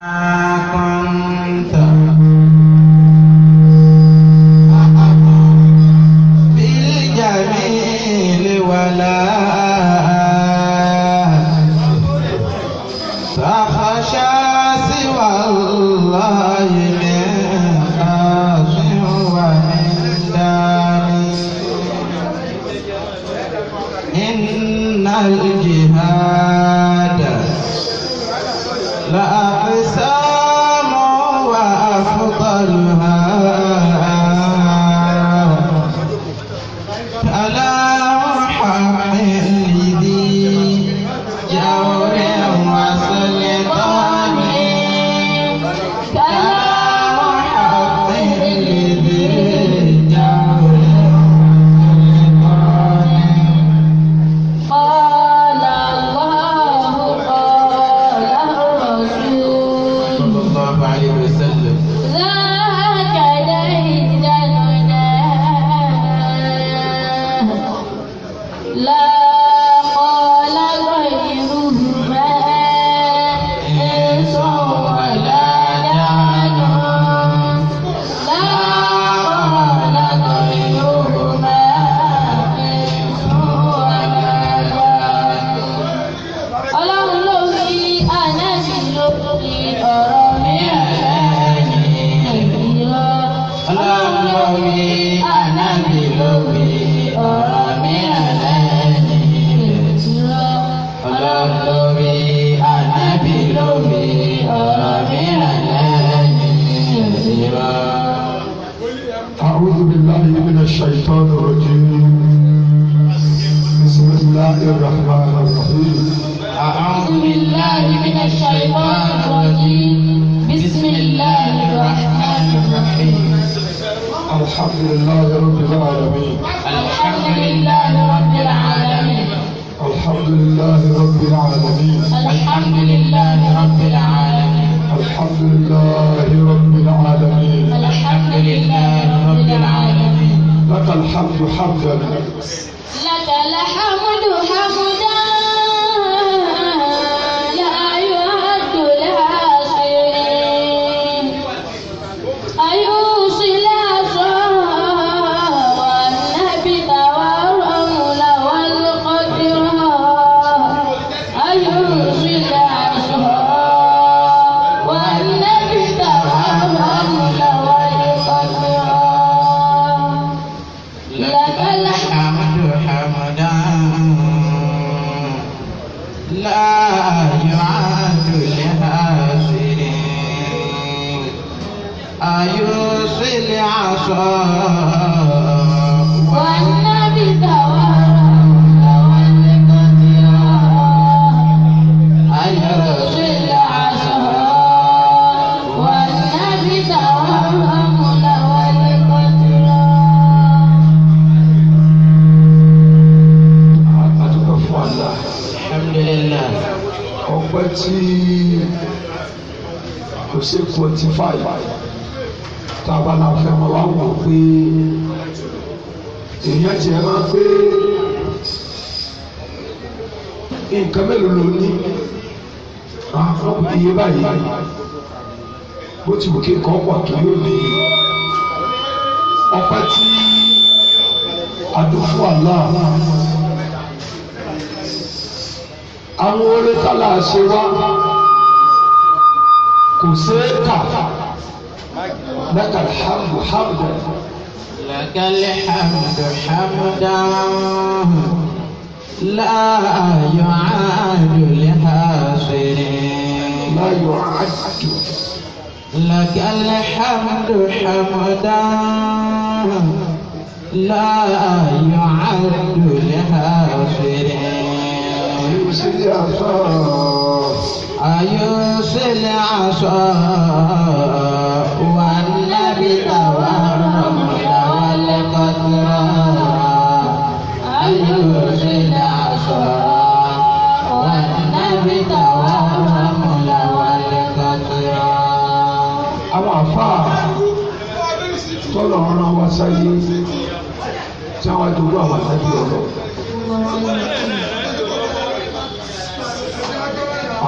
Uh... يعاد لحاسد أيرسل عصا والنبذ ṣe twenty five tá a bá la fẹ́ mọ́ wá wò pé èèyàn tiẹ̀ máa pé nǹkan mélòó ló ní àwọn iye báyìí bó ti wù kí nǹkan wà kí yóò ní ọpẹ́ tí adúfú àlá àwọn orí kálá ṣe wá. موسيقى لك الحمد حمدا لك الحمد حمدا لا يعاد لحاضر لا يعد لك الحمد حمدا لا يعد لحاضر أيوة يا أيرسل عصاه والنبي والرمل والقدر أيرسل عصاه والنبي والرمل والقدر àwọn àfa tọ́lọ̀ ọ̀ràn wa sáyé tí wọ́n á dúró àwọn àtàkì ọ̀rọ̀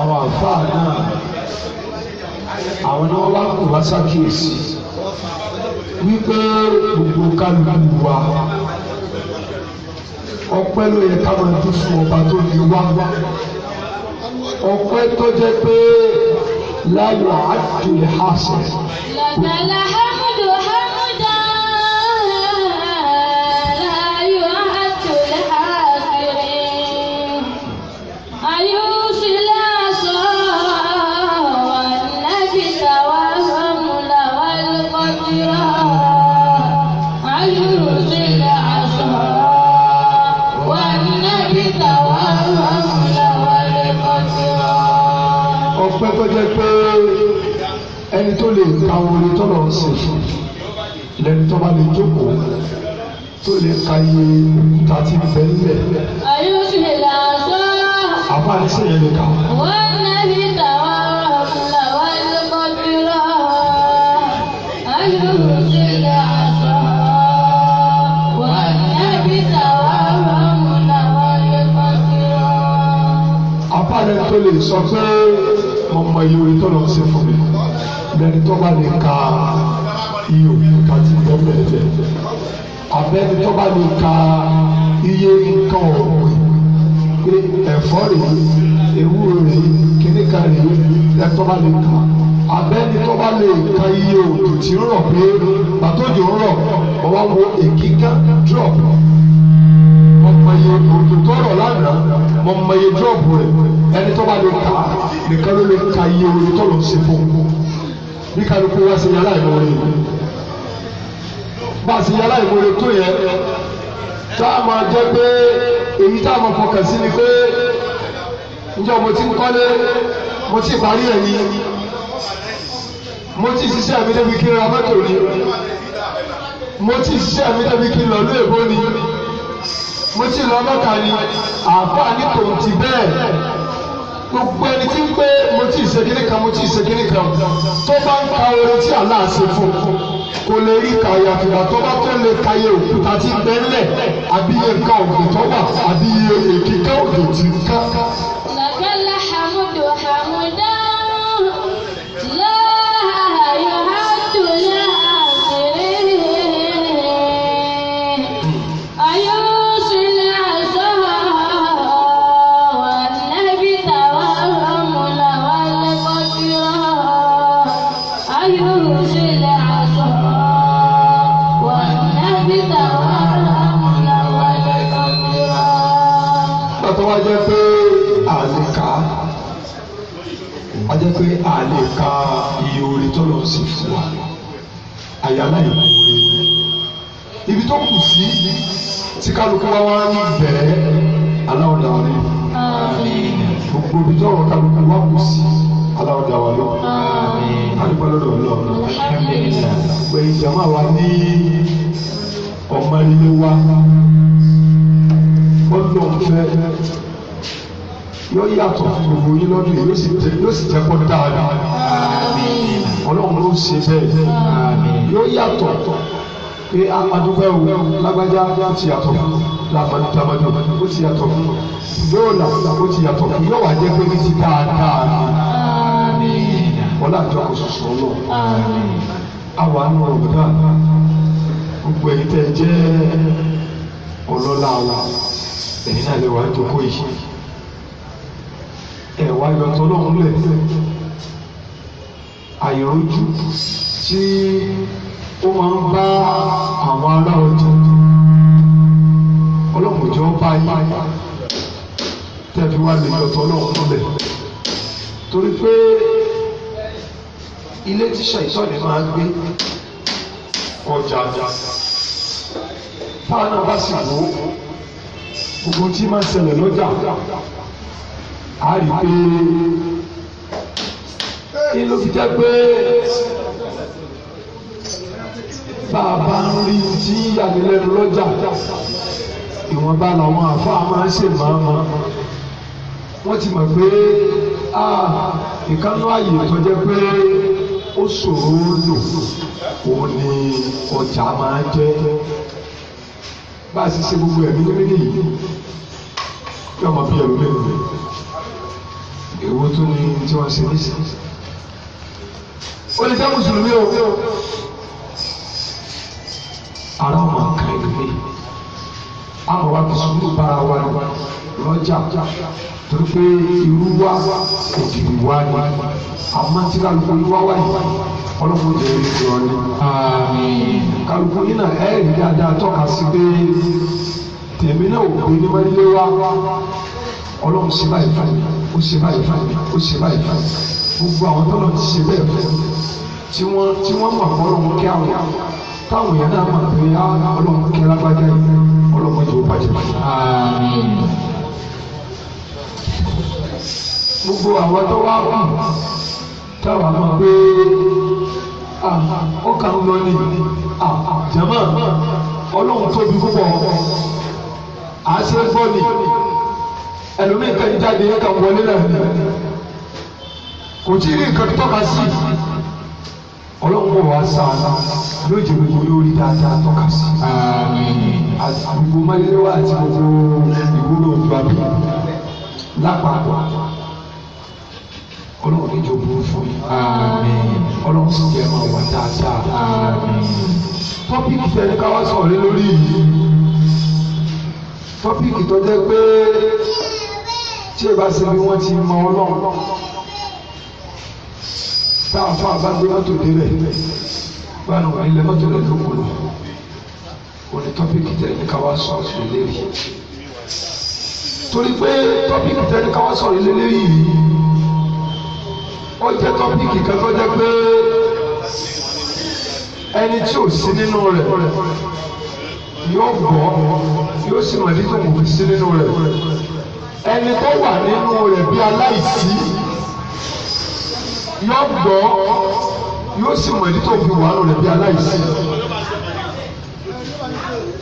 àwọn àfáà náà àwọn náà wá kù wá ṣàkíyèsí wípé gbogbo kálukú wa ọpẹ́ ló yẹ ká máa dún fún ọba tó ní wá ọpẹ́ tó jẹ́ pé láyọ̀ àdùn ìhásẹ̀. jẹ́ pé ẹni tó lè ka orin tó lọ sí fún lẹni tó bá lè jókòó tó lè ka iye ta ti bẹ nílẹ̀. àyùsùlẹ̀ làásọ̀. àbá ní lè kà. wọ́n ní bí tàwa ọ̀kùnrin àwọn ẹni kọ́ bí lọ. àyùsùlẹ̀ ọmọ iye orí tó lọ sí fún mi lẹni tó bá lè ka iye òbí ká ti bẹ́ẹ̀ bẹ́ẹ̀ abẹ́ni tó bá lè ka iye nǹkan ọ̀gbìn pé ẹ̀fọ́ rèé ewúro rèé kíníkà rèé lẹ́tọ́ bá lè ka abẹ́ni tó bá lè ka iye òjò tí ń rọ̀ pé pàtójò ń rọ̀ ọwọ́ wo èkíkà drop mọ̀mọ̀ye òjò tó rọ̀ lánàá mọ̀mọ̀ye drop rẹ̀ ẹni tó bá lè ka nìkan ló lè ka iye orin tó lọ sí fún un bí kálukú wá sí yàrá ìmọ̀ọ́rẹ́ yìí bá a sì yàrá ìmọ̀ọ́rẹ́ tó yẹ tá a máa jẹ́ pé èyí tá a máa fọkàn sí ni pé ǹjọ́ mo ti ń kọ́lé mo ti parí ẹ̀ ní mo ti ṣiṣẹ́ mi débi kí n ra mọ́tò ni mo ti ṣiṣẹ́ mi débi kí n lọ lóògbó ni mo ti lọ mọ́ta ni àǹfààní tòun ti bẹ́ẹ̀ gbogbo ẹni tí ń pé mo ti ṣe kíní kan mo ti ṣe kíní kan tó bá ń ka orin tí àlá ṣe fún kò lè rí ka àyàfìgbà tó bá tó lè ka òkúta tí ń bẹ́ńlẹ̀ àbí iye nǹkan òkè tó wà àbí iye èkìká òkè tí ń ká. yàtọ̀ fún gbogbo yín lọ́dún yìí yóò sì jẹ́ kó dáadáa ọlọ́run ló ṣe bẹ́ẹ̀ yóò yàtọ̀ pé amadúgbẹ́ wo lágbájá ti yàtọ̀ fún lamadamadu ó ti yàtọ̀ fún yóò là ó ti yàtọ̀ fún yóò wá jẹ́ pé ní ti dáadáa ọlá àjọ kò sọ̀sọ̀ lọ àwa nù ọ̀gbọ́dá gbogbo ẹ̀yin tẹ́ jẹ́ ọlọ́lá wa ẹ̀yin náà lè wá jókòó yìí ẹ̀wà yọtọ̀ lọ́hún lẹ̀ àìrójú tí ó máa ń bá àwọn ará ọjà ọlọ́run ìjọ bá yí tẹ́bi wá lè yọtọ̀ lọ́hún lẹ̀ torí pé ilé tí ṣàìsọ̀nì máa gbé ọjà jà táwọn náà bá sì wò gbogbo tí máa ń ṣẹlẹ̀ lọ́jà a rí pé kí ló fi jẹ́ pé bàbá ń rí tí ìyànilẹ́nu lọ́jà ìwọ̀nba làwọn àfáà máa ń ṣe màmá wọ́n ti mọ̀ pé ìkánú ààyè tó jẹ́ pé ó ṣòro lò òun ni ọjà máa ń bá a sì ṣe gbogbo ẹ̀mí nínú yìí kí ọmọ bíi ẹ̀rú lẹ́nu rẹ̀ èwo tó ní tí wọ́n ṣe nísìn. ó lè jẹ́ mùsùlùmí o. ara ọmọ kan ìgbé àmọ́ wa mùsùlùmí bára wa lọ́jà torí pé irú wa ògiri wa ni àmọ́ tí kálukú yìí wá wáyé ọlọ́mọ jẹ́ ìjọ ni. kálukú yìí náà ẹ̀ẹ́dì dáadáa tọ́ka sí pé tèmi náà ò pé ní wọ́n lé wa ọlọ́run sí báyìí báyìí ó ṣe báyìí ó ṣe báyìí gbogbo àwọn tó lọ ti ṣe bẹ́ẹ̀ fún tí wọ́n tí wọ́n mọ̀ kọ́ lọ́wọ́ kí àwọn táwọn èèyàn náà mọ̀ pé ah, ọlọ́mọ kí alágbájá yìí ọlọ́mọ jù ú bàjẹ́. gbogbo àwọn tó wá wà táwọn mọ̀ pé ah, ó kà ń lọ ní ah, jama ọlọ́run tóbi púpọ̀ àṣẹ gbọ́ ni ẹlòmíì tẹ̀ jáde yẹ kà wọlé náà kò tí ì rí nǹkan tọ́ka sí ọlọ́pọ̀ wa sáà yóò jẹ́ gbogbo lórí dáadáa tọ́ka sí. àgbègbè mọ́lẹ́wà àti gbogbo ìwúlò ìgbàgbé lápapọ̀ ọlọ́run níjọ burú fún yín ọlọ́run sì jẹ́ máa dáadáa. tọ́pìkì tẹ̀lé káwá sọ̀rọ̀ lórí yìí tọ́pìkì tó jẹ́ pé tí ẹ bá ṣe bí wọ́n ti mọ ọlọ́run tá a fún àbá gbé mọ́tò débẹ̀ gbanu ilẹ̀ mọ́tò rẹ̀ ló kúrò òní tọ́pìkì tẹ̀lé káwá sọ̀rọ̀ sí ilé yìí torí pé tọ́pìkì tẹ̀lé káwá sọ̀rọ̀ ilé yìí ó jẹ́ tọ́pìkì kan tó jẹ́ pé ẹni tí ò sí nínú rẹ̀ yóò gbọ́ yóò sì mọ̀ nítorí òun sí nínú rẹ̀ ẹni tó wà nínú rẹ̀ bí aláìsí yóò gbọ́ yóò sì mọ̀ ẹni tó fi wà nínú rẹ̀ bí aláìsí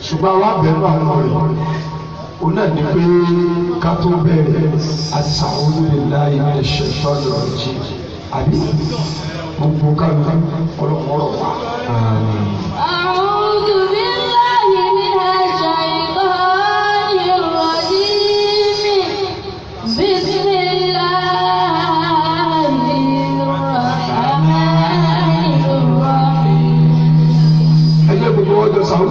ṣùgbọ́n àwa bẹ̀rù àánú rẹ̀ o náà ní pé ká tó bẹ̀rẹ̀ àṣàwọ̀n lè láyé ẹ̀ṣẹ̀ àbí gbogbo kálukú ọlọ́pàá wa.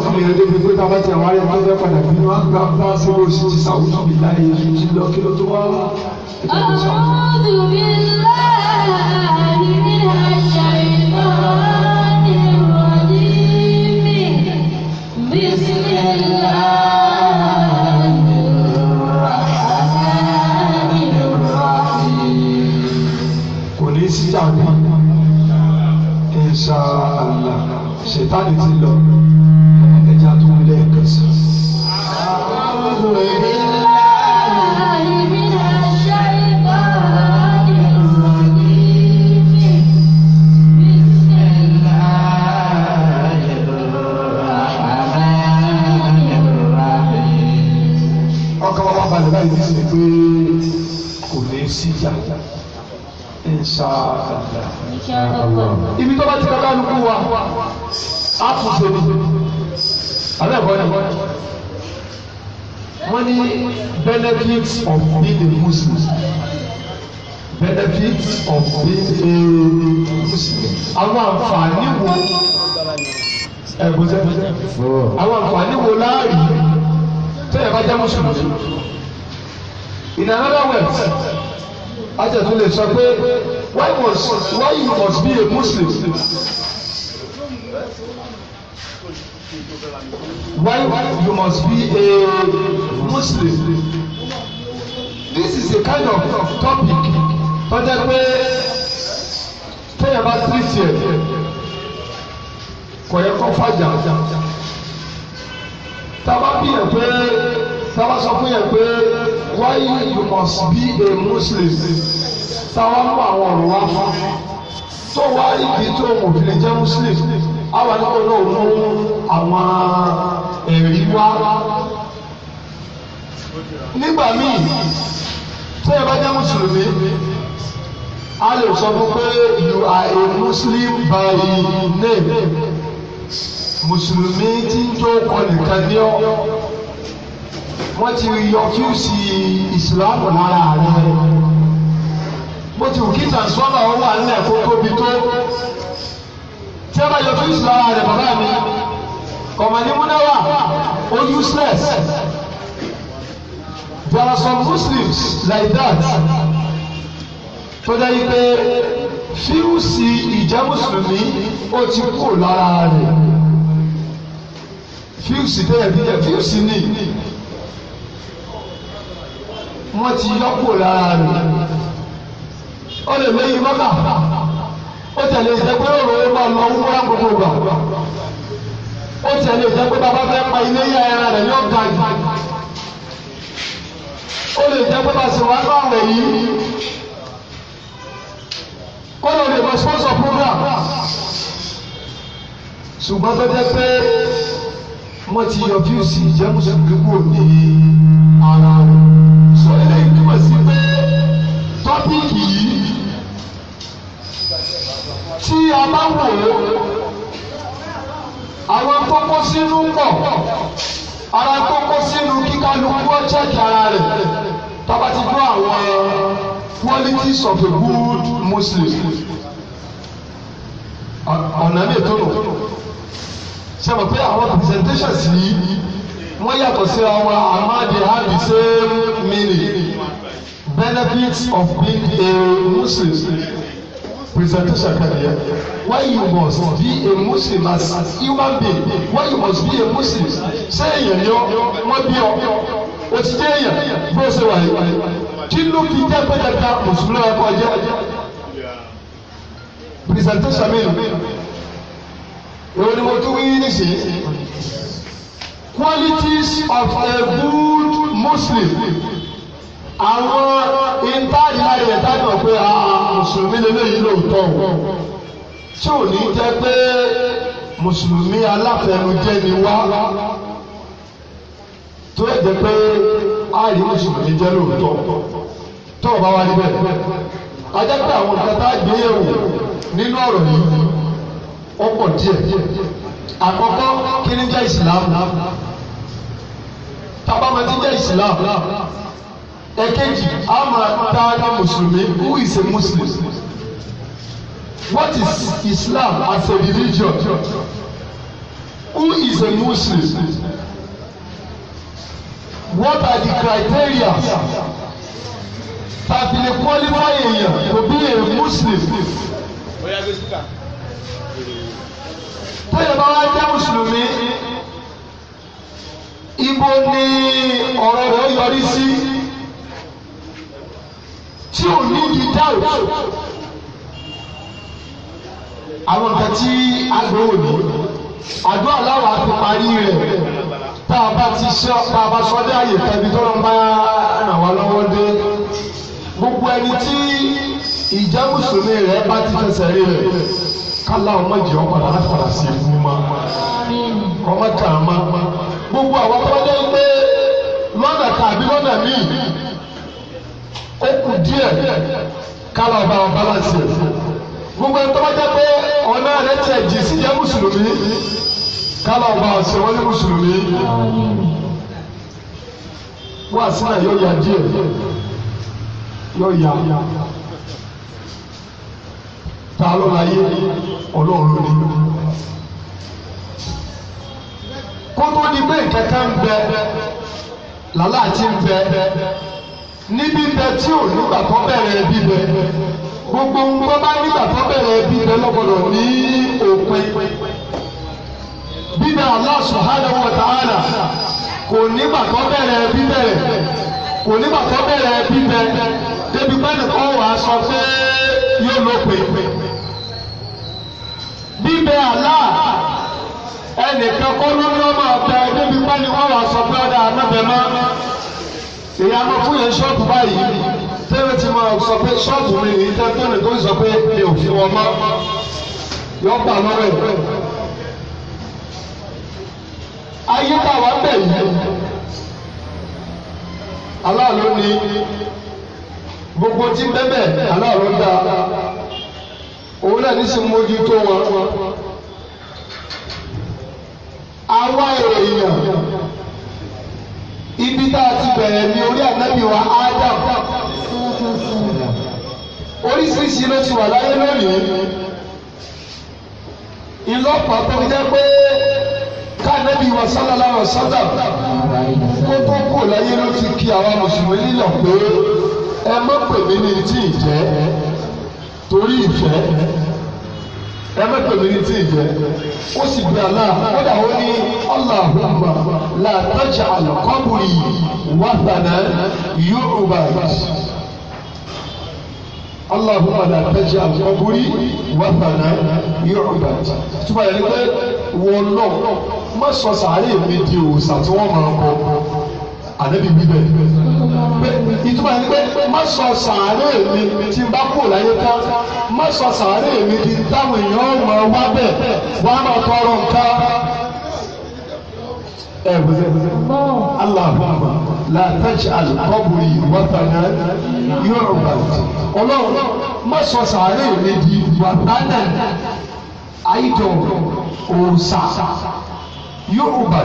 táwọn èèyàn débi pé táwọn ti àwọn arẹwà fẹ́ padà bí wọ́n gbà bá sórí oṣù ti sàwùjọ mi láyé ìlú lọ kí ló tó wá Kò ní sí àwọn ìṣàlà ṣètàlì ti lọ. benefits of being a muslim benefits of being a muslim àwọn àǹfààní wo ẹ̀gbọ́nsẹ̀ àwọn àǹfààní wo láàyè tẹ́lẹ̀ bá jẹ́ mùsùlùmí in another words ajẹ́tún lè sọ pé why must why you must be a muslim why you must be a Muslim this is a kind of, of topic tó jẹ́ pé téèyàn bá tí tiẹ̀ kò yẹ kó fàjà tábà bí yẹn pé tábà sọ fún yẹn pé why you must be a Muslim táwa mú àwọn ọ̀rọ̀ wá fún tó wá ìdí tó mò fi lè jẹ́ Muslim àwọn aláwọ̀ náà mú àwọn ẹ̀rí wá. nígbà míì tí ẹ bá jẹ́ mùsùlùmí a lè sọ fún pé you are a muslim by name mùsùlùmí tí ń tó kọ nìkan ní ọ wọ́n ti yọ kí o sì ìsìláàmù lára rẹ̀ bó ti wù kí tàǹsọ́nà ọwọ́ àlẹ́ kó tóbi tó tí a bá yọ fíìsì lára rẹ̀ bàbá mi kọ̀mọ̀ ní múnáwá ó useless there are some Muslims like that tó dẹ́ yí pé fíìsì ìjẹ́ mùsùlùmí ó ti kú lára rẹ̀ fíìsì tẹ́lẹ̀ bí jẹ́ fíìsì ni wọ́n ti yọ kú lára rẹ̀ ó lè lóyún mọ́kà ó tẹ̀lé ìsẹ́gbẹ́ ọ̀rọ̀ ó máa lọ wúrà gbogbo gbà ó tẹ̀lé ìsẹ́gbẹ́ bàbá fẹ́ pa ilé yá ẹran rẹ̀ yóò ga jù ó lè jẹ́ pé bàṣẹ wà lọ àwẹ̀ yìí kó lè lè bọ sponsor program ṣùgbọ́n tó jẹ́ pé wọ́n ti yọ fíùsì ìjẹ́ mùsùlùmí kúrò ní ara rẹ̀ sọ eléyìí túmọ̀ sí pé tọ́pìkì yìí tí a bá wò ó àwọn tó sínú pọ̀ ara tó kó sínú kíkálukú ọjọ́ ìjara rẹ̀ tábà ti gbọ́ àwọn qualities of a good Muslim ọ̀nà mi tó nù ṣe mọ̀ pé àwọn presentations yìí wọ́n yàtọ̀ síra wọn àmọ́ they have the same meaning benefits of being a Muslim presentation kan yẹ why you must be a muslim as human being why you must be a muslim Say èèyàn yọ wọ́n bí ọ o ti jẹ́ èèyàn bó ṣe wà yìí kí ló fi jẹ́ pẹ́ẹ́dẹ́gbẹ́ mùsùlùmí ọkọ̀ jẹ́ presentation mi ìwé ni mo tún wí nísìnyí qualities of a good muslim. àwọn ìtàdí láyé ìtàdí pé a ah, mùsùlùmí lélẹ́yìn lóòótọ́ tí ò ní jẹ́ pé mùsùlùmí aláfẹnujẹ́ ni wá tó yẹ jẹ́ pé a mùsùlùmí jẹ́ lóòótọ́ tó o bá wá níbẹ̀ ajá àwọn nǹkan tá nínú ọ̀rọ̀ yìí ó pọ̀ díẹ̀ àkọ́kọ́ kí ni jẹ́ ìsìlámù tábàmọ́ ti jẹ́ ìsìlámù. èkejì àmà dáadáa mùsùlùmí who is a muslim what is islam as a religion who is a muslim what are the criteria tàbí lè qualify èèyàn to be a muslim tóyẹ bá wá jẹ́ mùsùlùmí ibo ni ọ̀rọ̀ rẹ̀ yọrí sí tí ò ní di dáwò. àwọn nǹkan tí a gbé òní àdó aláwọ̀ àti parí rẹ̀ tá a bá ti sọ tá a bá sọ dé àyè tẹbi tó ń bá ràn wá lọ́wọ́ dé gbogbo ẹni tí ìjà mùsùlùmí rẹ̀ bá ti fẹsẹ̀ rí rẹ̀ kálá ọmọ jẹ ọmọ náà fara sí ẹnu ma ọmọ kàá ma gbogbo àwọn tó ń gbé lọ́nà tàbí lọ́nà míì ó kù díẹ̀ kálọ̀ bá wọn balance gbogbo ẹni tó bá jẹ́ pé ọ̀nà rẹ̀ tiẹ̀ jì sí jẹ́ mùsùlùmí kálọ̀ bá wọn ṣe wọ́n ní mùsùlùmí wọ́n àsìnà yóò yá díẹ̀ yóò yá ta ló la yé ọlọ́run ni kótó ni bẹ́ẹ̀ kẹ́kẹ́ ń bẹ làlá àti ń bẹ. níbi bẹ tí ò nígbà tó bẹ̀rẹ̀ gbogbo ńgbọ́ bá nígbà tó bẹ̀rẹ̀ ní òpin bíbẹ Allah subhanahu wa ta'ala kò nígbà tó kò nígbà tó bẹ̀rẹ̀ bíbẹ débi pẹ́ẹ́nì kan sọ pé èyí a máa fún yẹn ṣọ́ọ̀bù báyìí tẹ́lẹ̀ tí mo sọ pé ṣọ́ọ̀bù mi nìyí tẹ́ tẹ́lẹ̀ tó ń sọ pé mi ò fi wọn mọ́ yọ gbà lọ́wọ́ ẹ̀. ayé tá a wá bẹ̀ yìí aláàlú ni gbogbo tí bẹ́bẹ̀ aláàlú dá òun náà ní sì mójútó wọn. àwa èèyàn ibi tá a ti bẹ̀rẹ̀ ní orí ànábì wa Adam oríṣiríṣi ló ti wà láyé lónìí ìlọ́pàá tó jẹ́ pé kánábì wa sálálá wa sádà kó tó kò láyé ló ti kí àwa mùsùlùmí nílò pé ẹ má pè mí ní ìtì ìjẹ́ torí ìfẹ́ ẹ mẹ́tọ̀ mi ní tí ì jẹ́ ó sì gbé àlá kódà ó ní Allahumma la taj'al qabri wathanan yu'bad Allahumma la taj'al qabri wathanan yu'bad túbọ̀ yẹn ni pé wọ́n náà má sọ sàárè mi di òòsà tí wọ́n máa kọ́ ànábì bíbẹ̀ ìtumọ̀ ẹni pé má sọ sàárè mi tí n bá kú láyé tán má sọ sàárè mi di táwọn èèyàn mọ̀ wá bẹ̀ wá máa tọrọ nǹkan. ẹ gbèsè aláàbò làtàjì àlùkọ́bùrì wọ́tàná yóò ọlọ́run má sọ sàárè mi di wàtánà àìjọ òòsà yóò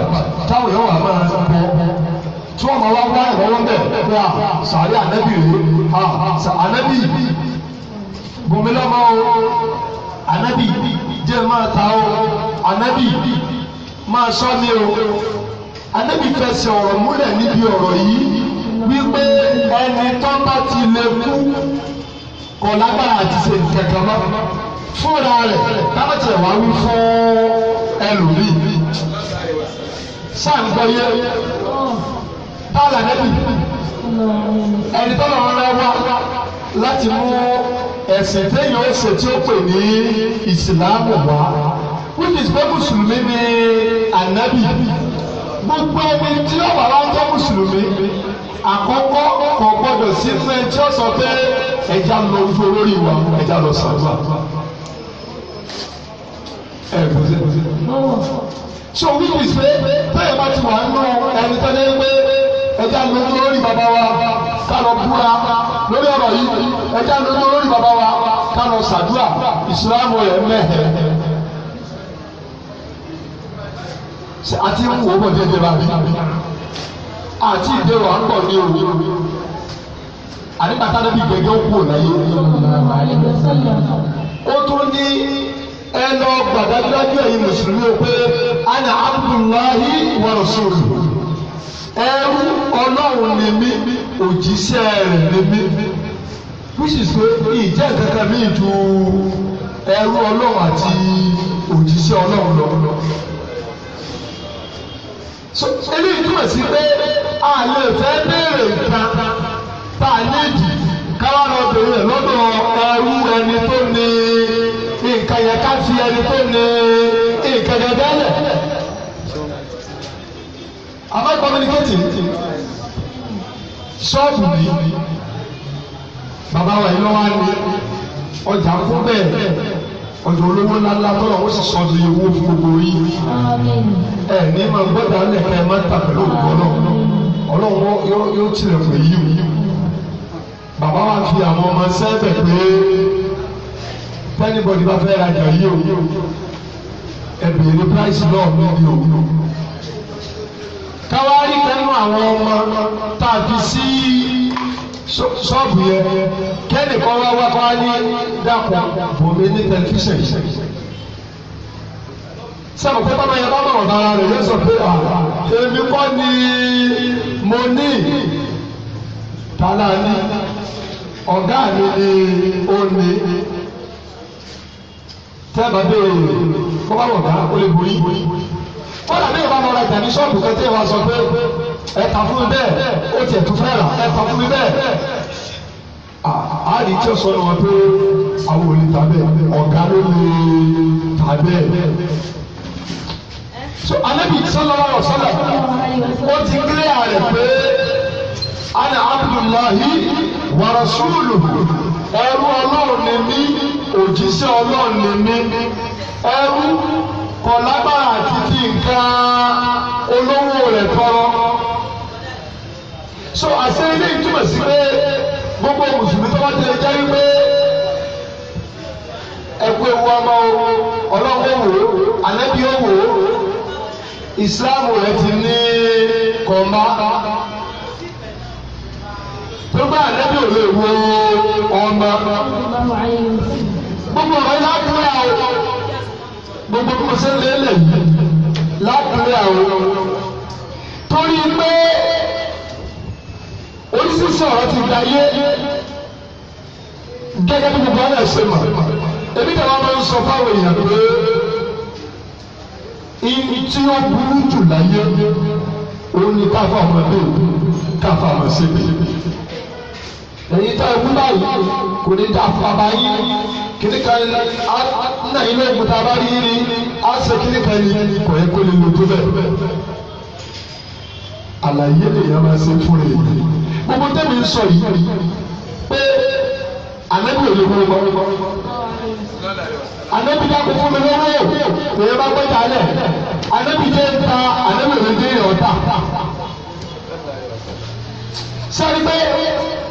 táwọn èèyàn wà máa bọ̀ tí wọ́n máa wá wá ìrọwọ́ bẹ̀ pé à sàárẹ̀ ànábì rèé ànábì gòmìnàmọ́ o ànábì jẹ́ máa ta o ànábì máa sọ mi o ànábì fẹsẹ̀ ọ̀rọ̀ múlẹ̀ níbi ọ̀rọ̀ yìí wípé ẹni tó bá ti lè kú kò lágbára àti ṣe kẹ̀kẹ́ mọ́ fúnra rẹ̀ tábàtì wà wí fún ẹlòmíì sáà ń gbọ́ yẹ tààlà nẹ́bí ẹni tọ́lọ̀ wọn lọ láti mú ẹ̀sìn téèyàn ó ṣe tí ó pè ní ìsìláàmù wá which is pé mùsùlùmí ni ànábì gbogbo ẹni tí ó wà wá mùsùlùmí àkọ́kọ́ kò gbọ́dọ̀ sí fún ẹ tí ó sọ pé ẹja lọ fún olórí wa ẹja lọ sàdúrà ẹ so which is pé bẹ́ẹ̀ bá ti wà nù ẹni tẹ́lẹ̀ pé ẹja lójú lórí bàbá wa kálọ̀ búra lórí ọ̀rọ̀ yìí ẹja lójú lórí bàbá wa kálọ̀ sàdúrà ìsìlámù rẹ̀ mẹ́hẹ̀. àti ń wò ó bọ̀ déédéé bá mi àti ìdèrò à ń bọ̀ ní òwe àdìgbàtà níbi gẹ́gẹ́ òkú òláyé ó tún ní ẹ lọ gbàdájú ẹ̀yin mùsùlùmí o pé ana abdullahi wa rasuluhu ẹrú ọlọ́run ni mí òjíṣẹ́ rẹ̀ ni mí which is pé ìjẹ́ kankan mi ju ẹrú ọlọ́run àti òjíṣẹ́ ọlọ́run lọ́wọ́ so eléyìí túmọ̀ sí pé a lè fẹ́ béèrè nǹkan tá a ní ìdí káwá lọ béèrè lọ́dọ̀ ẹrú ẹni tó ní nǹkan yẹn ká fi ẹni tó ní. Am I communicating? Ṣọ́ọ̀bù yìí bàbá wa yìí ló wá ní ọjà fún bẹ́ẹ̀ ọjà olówó ńláńlá tó lọ ó sì sọ di owó fún gbogbo yìí. Ẹ ní ma gbọ́dọ̀ alẹ́ ká ẹ má ta pẹ̀lú òkú ọlọ́run ọlọ́run yóò tilẹ̀kùn èyí o. Bàbá wa fi àwọn ọmọ sẹ́ẹ̀bẹ̀ pé tẹ́nibọ̀dì bá fẹ́ rajà yìí o. Ẹ̀bìrì ní price náà lọ́ọ̀bì òwúrọ̀ àwọn ọmọ tàbí sí ṣọ́ọ̀bù yẹn kẹ́ni kan wá wá kọ́ ní dàpọ̀ bòmí ní tẹlifíṣàn sọ̀rọ̀ pé bàbá yẹn bá mọ̀ràn dára rẹ̀ yóò sọ pé èmi kọ́ ni mo ní tàlà ní ọ̀gá mi ni ó ní tẹ́ẹ̀bà bẹ́ẹ̀ kọ́ ó lè borí. wọ́n dàbí ìbámu ọ̀rọ̀ ìtàn ṣọ́ọ̀bù kan tẹ́ ẹ sọ pé ẹ̀ka fún mi bẹ́ẹ̀ ó tiẹ̀ tó fẹ́ rà ẹ̀ka fún mi bẹ́ẹ̀. àárín tí ó sọ wọn pé àwọn ò lè ta bẹ́ẹ̀ ọ̀gá ló lè ta bẹ́ẹ̀. so anabi sallallahu alaihi wasallam ó ti gbé ààrẹ pé ana abdullahi wa rasuluhu ẹrú ọlọ́run ni mí òjíṣẹ́ ọlọ́run ni mí ẹrú kọ̀lágbára àti ti nǹkan olówó rẹ̀ tọrọ so àṣẹ ilé ìtumọ̀ sí pé gbogbo mùsùlùmí tó bá ti lè jẹ́ wípé ẹ̀kú ewu ọmọ ọlọ́wọ́ wò ànábì ó wò Islam rẹ̀ ti ní kọ̀ọ̀má tó bá ànábì ò lè wo ọmọ gbogbo ọ̀rọ̀ yìí lákùnrin àwọn gbogbo tó ṣe lélẹ̀ yìí lákùnrin àwọn torí pé sísọ̀rọ̀ ti da yé gẹ́gẹ́ bí gbogbo ọ̀nà ẹ̀sẹ̀ mọ̀ èmi náà wọ́n máa ń sọ fáwọn èèyàn pé ibi tí ó burú jù láyé òun ni káfà ọmọ ẹgbẹ́ òkú káfà ọmọ ṣẹbi èyí tá ewu báyìí kò ní dá bàbá yín kíní kan náà ilé ìgbìtà bá rí rí á ṣe kíní kan yìí kò yẹ kó lè lò tó bẹ́ẹ̀ àlàyé lèyàn máa ṣe fún rẹ̀ gbogbo tẹ́mi ń sọ yìí pé ànábì ò lè mú un bọ́ ànábì dákun fún mi lọ́wọ́ èyí bá gbọ́dọ̀ alẹ̀ ànábì jẹ́ ń ta ànábì ò lè dé ìyàn ọ̀tá sẹ́ni pé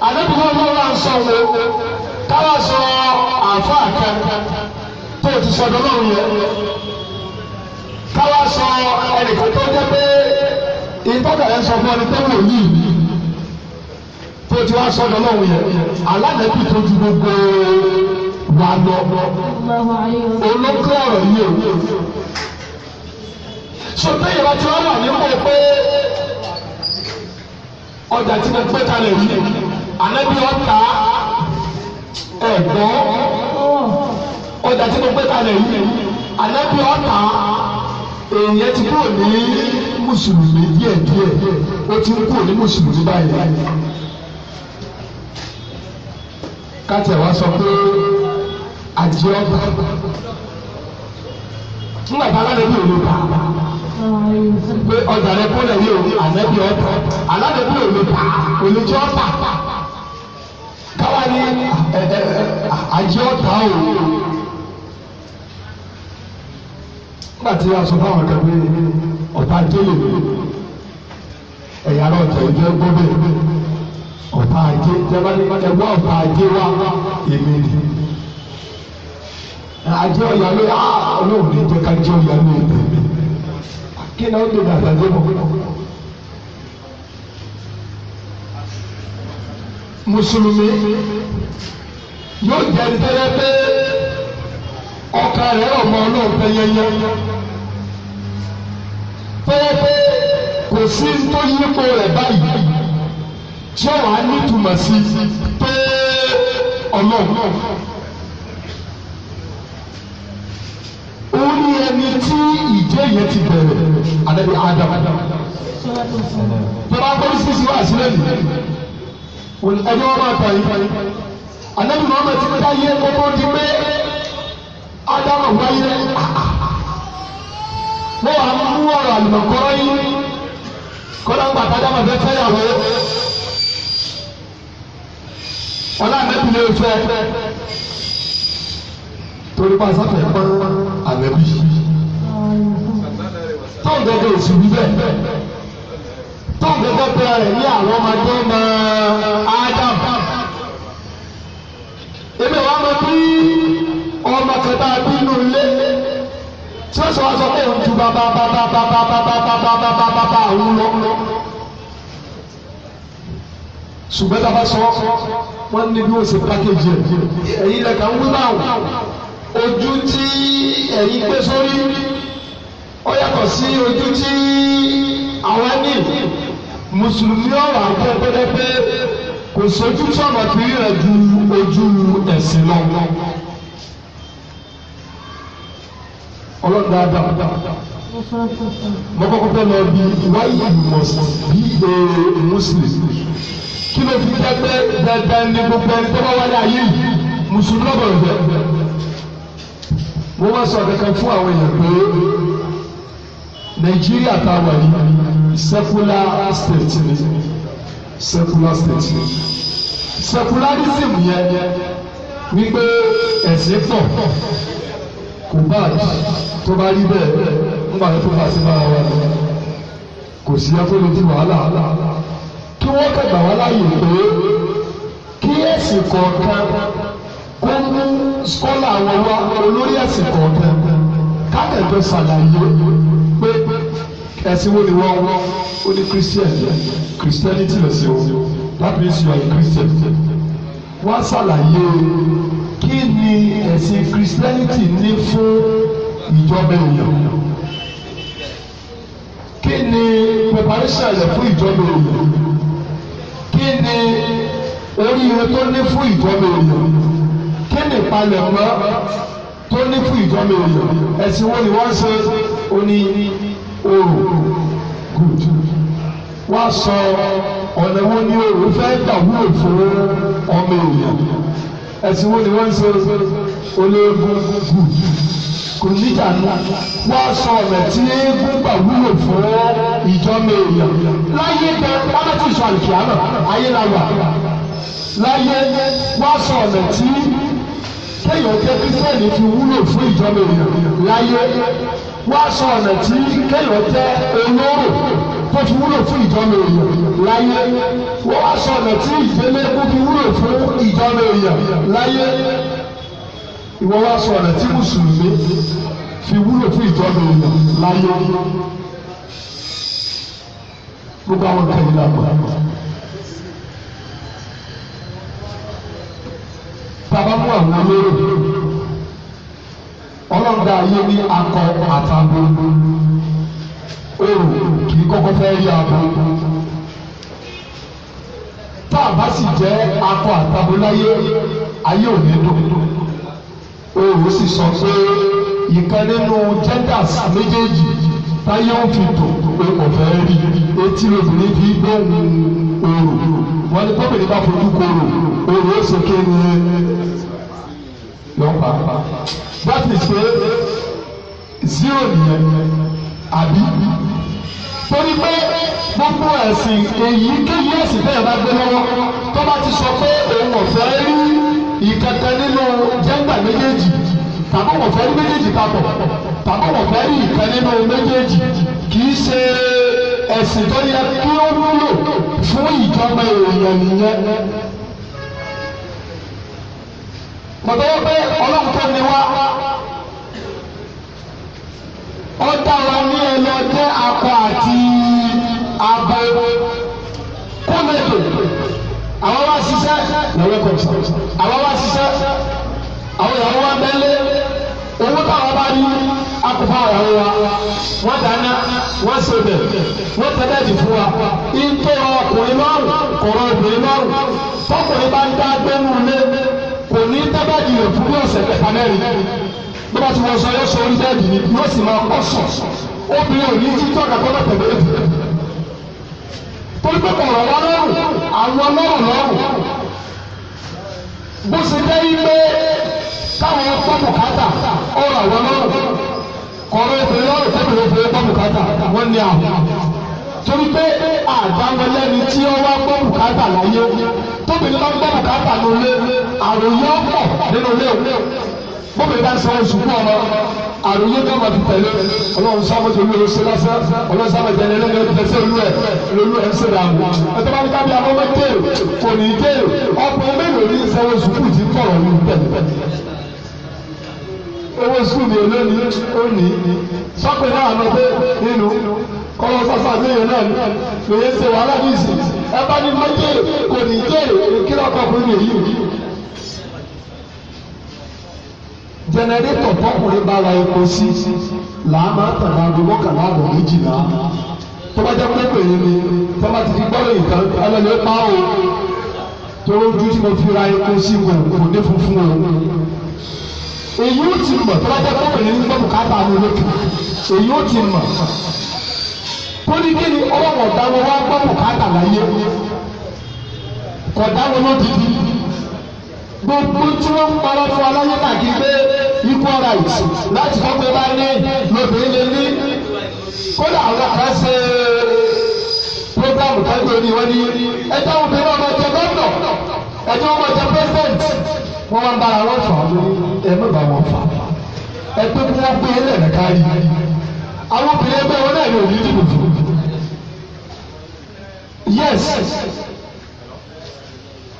ànábì fún mi lọ́wọ́ à ń sọ wo táwa sọ àáfàá kan tó ti sọ̀dọ̀ lọ́wọ́ yẹn káwa sọ ẹnìkan tó jẹ́ pé ìtọ́jà sọ fún ẹni pé wò tó ti wá sọ́dọ̀ lọ́wọ́ yẹn aládẹ́bí tó ju gbogbo wa lọ olókè ọ̀rọ̀ yìí o so téèyàn bá ti wá wà nípò pé ọjà tí mo gbé kalẹ̀ yìí ànábì ọ̀tá ẹ̀gbọ́n ọjà tí mo gbé kalẹ̀ yìí ànábì ọ̀tá èèyàn ti kúrò ní mùsùlùmí díẹ̀ díẹ̀ ó ti ń kú ní mùsùlùmí báyìí. kátìẹ̀ wá sọ pé àjẹ́ ọ̀tá nígbà tí aládébí ò lè bá pé ọjà rẹ kó lẹ́yìn òun ànẹ́bí ọ̀tá aládébí ò lè bá oníjẹ́ ọ̀tá káwá ní àjẹ́ ọ̀tá òun nígbà tí a sọ fáwọn ọ̀dọ́ pé ọ̀tá ajélè ẹ̀yà náà tẹ̀ jẹ́ gbọ́dọ̀ ọ̀tá ajé ẹ̀wọ́ ọ̀tá ajé wa èmi ni ajé ọ̀yà ló yà ọlọ́run ní jẹ́ ká jẹ́ ọ̀yà ló yẹ mi kí ni ó lè dàgbà dé mọ́. mùsùlùmí yóò jẹ́ ní tẹ́lẹ̀ pé ọkàn rẹ̀ ọmọ ọlọ́run fẹ́ yẹ́yẹ́ tọ́wọ́ pé kò sí tó yípo rẹ̀ báyìí tí ó wàá nítumọ̀ sí pé ọlọ́run. orí ẹni tí ìjẹ́ yẹn ti bẹ̀rẹ̀ àdàbí Adam tọ́lá kọ́ sí sí wá sílẹ̀ ní ẹni wọ́n máa tàn yín àdàbí Muhammad ti dá yẹ kókó di pé Adam wáyé àhà mo wà mú ọ̀rọ̀ àlùmọ̀kọ́rọ́ yín kọ́lá ń gbàtà dáhùn fẹ́ fẹ́yàwó ọ̀là àmẹ́bí lè fẹ́ torí pa sáfẹ̀ pọ́n àmẹ́bí tó ń gẹ́gẹ́ òsì wí bẹ́ẹ̀ tó ń gẹ́gẹ́ pẹ́ra rẹ̀ ní àwọn ọmọdé máa ádám èmi wàá mọ bí ọmọ kẹta bí inú tí wọ́n sọ wá sọ pé òun ju bàbá bàbá bàbá bàbá bàbá bàbá bàbá òun lọ. ṣùgbọ́n tá a bá sọ wọ́n ní bí wọ́n ṣe pákéjì ẹ̀ ẹ̀yin lẹ́ka ń wí báwọn ojú tí ẹ̀yin pé sórí ó yàtọ̀ sí ojú tí àwọn ní mùsùlùmí ọ̀rọ̀ àgbọ̀ pẹ́ẹ́pẹ́ kò sójú tí ọ̀nà kiri rẹ̀ ju ojú ẹ̀sìn lọ. ọlọ́dún adam mọ́kọ́kọ́ fẹ́ lọ bí why you must be a muslim kí ló fi jẹ́ pé dandan ní gbogbo ẹni tó bá wáyé ayé yìí mùsùlùmí lọ́bọ̀ rẹ̀ bẹ́ẹ̀ wọ́n bá sọ kankan fún àwọn èèyàn pé nàìjíríà tá a wà yìí secular state ni secular state ni secularism yẹn wípé ẹ̀sìn pọ̀ kò báyìí tó bá rí bẹ́ẹ̀ ń bá yẹn tó bá sí máa wà lọ kò sí yẹn tó lè di wàhálà kí wọ́n kẹgbà wá láàyè pé kí ẹ̀sìn kọ̀ọ̀kan kó mú skọ́là wọn wá olórí ẹ̀sìn kọ̀ọ̀kan kákẹ́jọ́ ṣàlàyé pé ẹ̀sìn wo ni wọ́n wọ́n ó ní christian christianity lọ sí o that means you are a christian wọ́n ṣàlàyé o ẹ̀sìn Christianity ní fún ìjọba èèyàn kí ni preparation rẹ̀ fún ìjọba èèyàn kí ni oríire tó ní fún ìjọba èèyàn kí ni ìpalẹ̀mọ́ tó ní fún ìjọba èèyàn ẹ̀sìn wo ni wọ́n ṣe ó oòrùn good wọ́n sọ ọ̀nà wo ni oòrùn fẹ́ gbà wúlò fún ọmọ èèyàn ẹ̀sìn wo ni wọ́n ń ṣe olóògùn gùn kò níjà náà wọ́n sọ ọ̀rọ̀ tí eégún gbà wúlò fún ìjọ́mọ èèyàn láyé bẹ ọdún tí ìṣọ àlùkò àná ayé la wà láyé wọ́n sọ ọ̀rọ̀ tí kéèyàn jẹ́ kírísítẹ́nì fi wúlò fún ìjọ́mọ èèyàn láyé wọ́n sọ ọ̀rọ̀ tí kéèyàn jẹ́ olóró tó fi wúlò fún ìjọ́mọ èèyàn láyé wọ́n wá sọ̀nà tí ìdílé kó fi wúlò fún ìjọba èèyàn láyé ìwọ wá sọ̀nà tí mùsùlùmí fi wúlò fún ìjọba èèyàn láyé gbogbo àwọn kẹyìn àgbà. Bàbá mú àwọn lérò ọlọ́dà ayé ní akọ àtàbọ̀ òòrùn kì í kọ́kọ́ fẹ́ yí àbọ̀ tá a bá sì jẹ́ akọ àtabo láyé ayé ò ní dùn òòrùn sì sọ pé ìkan nínú genders méjèèjì táyé ń fi dùn pé ọ̀fẹ́ rí etí lóbìnrin fi gbóhùn òòrùn wọn ni tóbìnrin bá fojú kòòrùn òòrùn ó sèké ní lọ́pàá that is say zero nìyẹn àbí torí pé gbogbo ẹ̀sìn èyíkéyìí ẹ̀sìn bẹ́ẹ̀ bá gbé lọ́wọ́ tó bá ti sọ pé òun ọ̀fẹ́ rí ìkankan nínú jẹ́gbà méjèèjì tàbí òun ọ̀fẹ́ rí méjèèjì papọ̀ tàbí òun ọ̀fẹ́ rí ìkan nínú méjèèjì kì í ṣe ẹ̀sìn tó yẹ kí ó wúlò fún ìjọba èèyàn nìyẹn kọ̀tọ́ pé ọlọ́run tó ní wá ó dá wa ní ẹlẹ́dẹ́ akọ àti abo kọ́mẹ̀tò àwọn wá ṣiṣẹ́ lọ́wọ́ kọ̀ọ̀sán àwọn wá ṣiṣẹ́ àwọn ìyàwó wa bẹ́lẹ̀ owó táwọn bá rí akọ̀fà ìyàwó wa wọ́n dáná wọ́n ṣèbẹ̀ wọ́n tẹ́lẹ̀ dì fún wa ìtọ́ ọkùnrin márùn kọ̀ọ̀rọ̀ obìnrin márùn tọkùnrin bá ń dá gbẹ́nu lé kò ní tẹ́lẹ̀ dì rẹ̀ fún ọ̀sẹ̀ kẹta mẹ́rin bí wọ́n ti wọ sọ yóò sọ oríṣẹ́ẹ̀dì ni yóò sì máa pọ̀ sọ̀ obìnrin ò ní jí tọ́ka kọ́nà pẹ̀lú èdè torí pé kọ̀ọ̀rọ̀ wa lọ́rùn àwọn lọ́rùn lọ́rùn bó ṣe jẹ́ ilé káwọn pọ́pùkátà ọ̀rọ̀ àwọn lọ́rùn kọ̀ọ̀rọ̀ obìnrin lọ́rùn tẹ́lẹ̀ obìnrin pọ́pùkátà wọ́n ní àwọn torí pé àdáwọlẹ́ni tí ó wá gbọ́ bùkátà láyé tóbi ní wọ́n gbọ́ bùkátà lólé àròyé ọ̀pọ̀ nínú ilé òun bóbi bá ń sanwó sùkúù ọmọ àròyé tó máa fi tẹ̀lé ọlọ́run sábà tó lóore ṣe lásán ọlọ́run sábà jẹ́ ẹlẹ́ni ẹni tẹ̀sí olú ẹ̀ lólu ẹ̀ ń ṣe dà mú. ẹ̀tọ́ bá ní kábíyà ọmọ bá dé kò ní dé ọkùnrin mélòó ní sanwó sùkúù ti tọ̀rọ̀ ní pẹ̀lú owó sùkúù ni olóyìn ó ní sọ́pẹ̀ náà lọ pé nínú kọ́lọ́ sásà léyìn náà lóye ṣe wàhálà ní ìsìn ẹ bá ní mọ́jẹ́ kò ní dé kí lọ́kọ̀ fún mi yìí jẹnẹrétọ̀ tọkùnrin bá ra epo sí làámà tàbá aago mọ́kànlá àbọ̀ méjìlá tó bá jẹ́ pé pèrè ni tó bá ti di gbọ́dọ̀ ìtàn ẹlẹ́ni pa o tó lójú tí mo fi ra epo sí wẹ̀ kò ní funfun o èyí ó ti mọ̀ tó bá jẹ́ pé pèrè ni gbọ́dọ̀ káta ní olókè èyí ó ti mọ̀ tó ní kí wá gbọ́dọ̀ káta láyé kọ̀dá wọn ló gbogbo tí wọ́n ń parọ́ fún aláyé kàkí pé equal rights láti kọ́ pé bá ní lóbìnrin lè ní kódà àwọn kan ṣe programu kájú omi wọn ní ẹjọ́ obìnrin ọmọ ẹjọ́ gọ́ọ̀nà ẹjọ́ ọmọ ẹjọ́ president wọ́n wá ń bára wọn fà á ẹ má bá wọn fà á ẹ pé kí wọ́n gbé ẹlẹ́rìí e kárí àwọn obìnrin ẹgbẹ́ wọn náà yóò rí dìbò fún yes. yes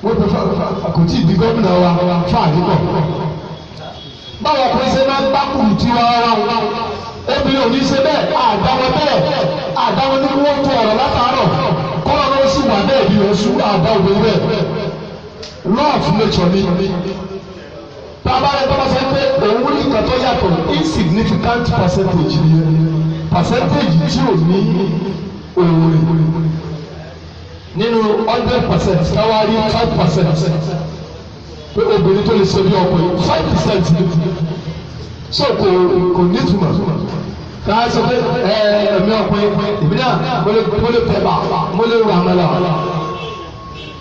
kò tí ì di gómìnà wa fún àdúgbò báwo kò ṣe máa ń gbákùn tí wàá wà wọn obìnrin ò ṣe bẹ́ẹ̀ àdáwọ̀ bẹ́ẹ̀ àdáwọ̀ ní wọ́n tó ọ̀rọ̀ látàárọ̀ kọ́lọ́ ló sì wà bẹ́ẹ̀ bí oṣù àdáwọ̀ bẹ́ẹ̀ love nature ni tábàárẹ̀ tó bá sọ pé òun ní nǹkan tó yàtọ̀ insignificant percentage percentage tí ò ní òòrè nínú hundred percent káwá rí five percent pé obìnrin tó lè ṣe bí ọkùnrin five percent so kò kò ní ìtumọ̀ káà sọ pé ẹ ẹ̀mí ọkùnrin èmi náà mo lè mo lè pẹ̀bà mo lè rà mọ́lá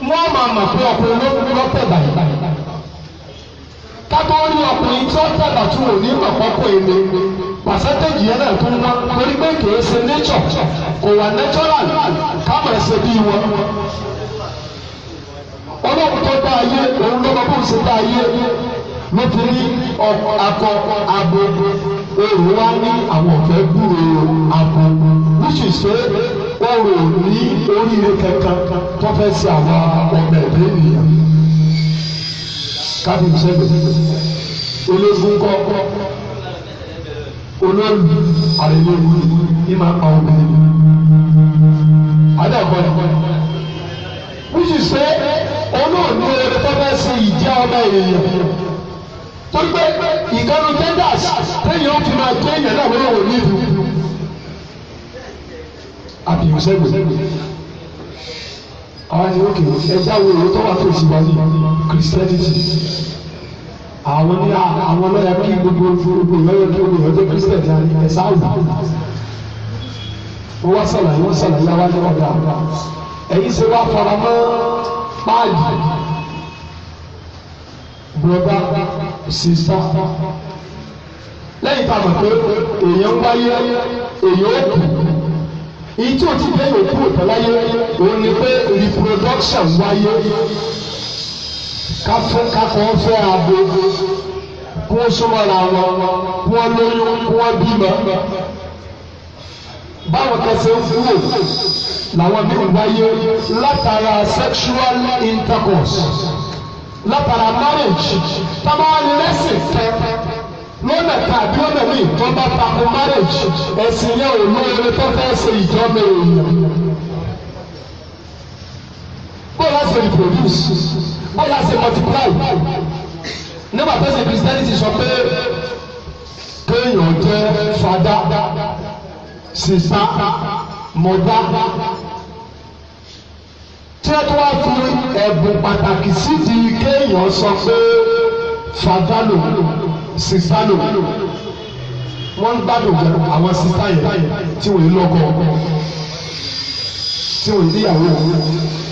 wọ́n máa mọ̀ pé ọkùnrin ló lọ pẹ̀bà yìí kátó rí ọkùnrin tó pẹ̀bà tó wò ní mọ̀kọ́kọ́ èmi pàṣẹ́tẹ̀jì yẹn náà tún wọ́n torí pé kìí ṣe nature kò wà natural kámọ̀ ẹ̀ṣẹ̀ bí wọn. ọlọ́run tó dá ayé òun ló bá bóun dá ayé nítorí akọ abo èrò wa ní àwọn ọ̀fẹ́ gbúròó abo which is pé wọ́n rò ní oríire kankan tó fẹ́ ṣe àwọn ọmọ ẹ̀dẹ́ ènìyàn. kábíyèsí ẹgbẹ́ ológun kọ́kọ́ olórí àrèlé ìlú ní máa pa obìnrin adàgbọ́n wíṣì ṣe olóòní rẹ fẹ́fẹ́ ṣe ìjà ọmọ èèyàn tó gbé ìkànnì tenders téèyàn fi máa tó èèyàn náà wọ́n wò nílùú àbíyàn sẹ́gun àwọn ènìyàn kìí ẹja wo èrò tó wà tó ìsìnwájú christianity àwọn ní àwọn lọ́yà kí gbogbo gbogbo lọ́yà kí gbogbo ọjọ́ kristian náà ní ẹ̀sà àwùjọ wọ́n wá sàlàyé wọ́n sàlàyé àwọn ọjọ́ ọ̀dà ẹ̀yìn ṣe wá fara mọ́ páàlì bùrọ̀dá sísá lẹ́yìn tá a mọ̀ pé èèyàn ń wáyé èèyàn ó kù ìtú òtí bẹ́ẹ̀ òkú òtọ́láyé òun ni pé reproduction wáyé kakọ ọfẹ abo kó sọmọlá wọn kó lóyún kó bímọ báwọn kẹsẹ ń wò làwọn bí wọn wáyé látara sexual intercourse látara marriage tábà lẹ́sìn tẹ́ lọ́nà tàbí ọ̀nà míì tó bá tako marriage ẹ̀sìn yẹn ò lóore tó fẹ́ ṣe ìjọba èèyàn bó láti reproduce ọ̀yà ṣe multiply nígbà tó ṣe christianity sọ pé kéèyàn jẹ́ fada sista mọ̀dá tí wọ́n tó wá fi ẹ̀bùn pàtàkì sídìí kéèyàn sọ pé fada lò sista lò wọ́n gbádùn àwọn sista yẹn tí wọ́n ń ṣé o níyàwó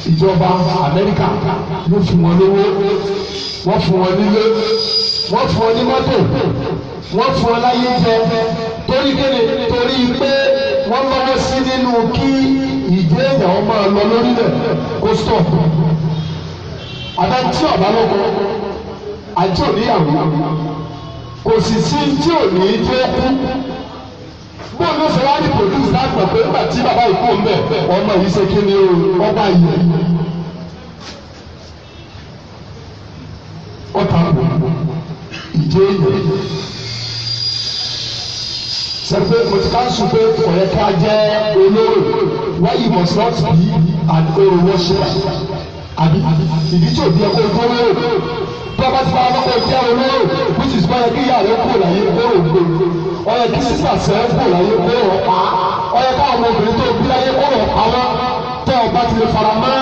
ìjọba Amẹ́ríkà ló fún wọn lówó wọ́n fún wọn nílé wọ́n fún wọn ní mọ́tò wọ́n fún wọn láyé jẹ torí kéde torí pé wọ́n lọ́wọ́ sí nínú kí ìdí èèyàn máa lọ lórílẹ̀ kó stop àtàntí ọ̀bá lọ́kọ́ àti òníyàwó kò sì sí tí ò ní jẹ́ kú bóun ló sọ wá ní produce láti mọ̀ pé nígbà tí bàbá ìkú ọ̀pọ̀lọpọ̀ ọmọ yìí ṣe kí ni o ọba yìí ọta bò ìdí èyí sẹ́pẹ́ mọ̀tíkánsù pé ọ̀yẹ́ ká jẹ́ olóró why you must not be an old worshiper àbí ìdí tí òbí ẹ̀kọ́ tó lóró tọ́ba ti máa lọ́kọ̀ jẹ́ olóró which is why ẹ̀kí ìyá rẹ̀ kúrò láyé olóró gbòòrò ọyọ kí sísà sẹ ń bò láyé kó rọ pa ọyọ káwọn ọmọbìnrin tó bí láyé kó rọ pa wọn tẹ ọba ti lè fara mọ́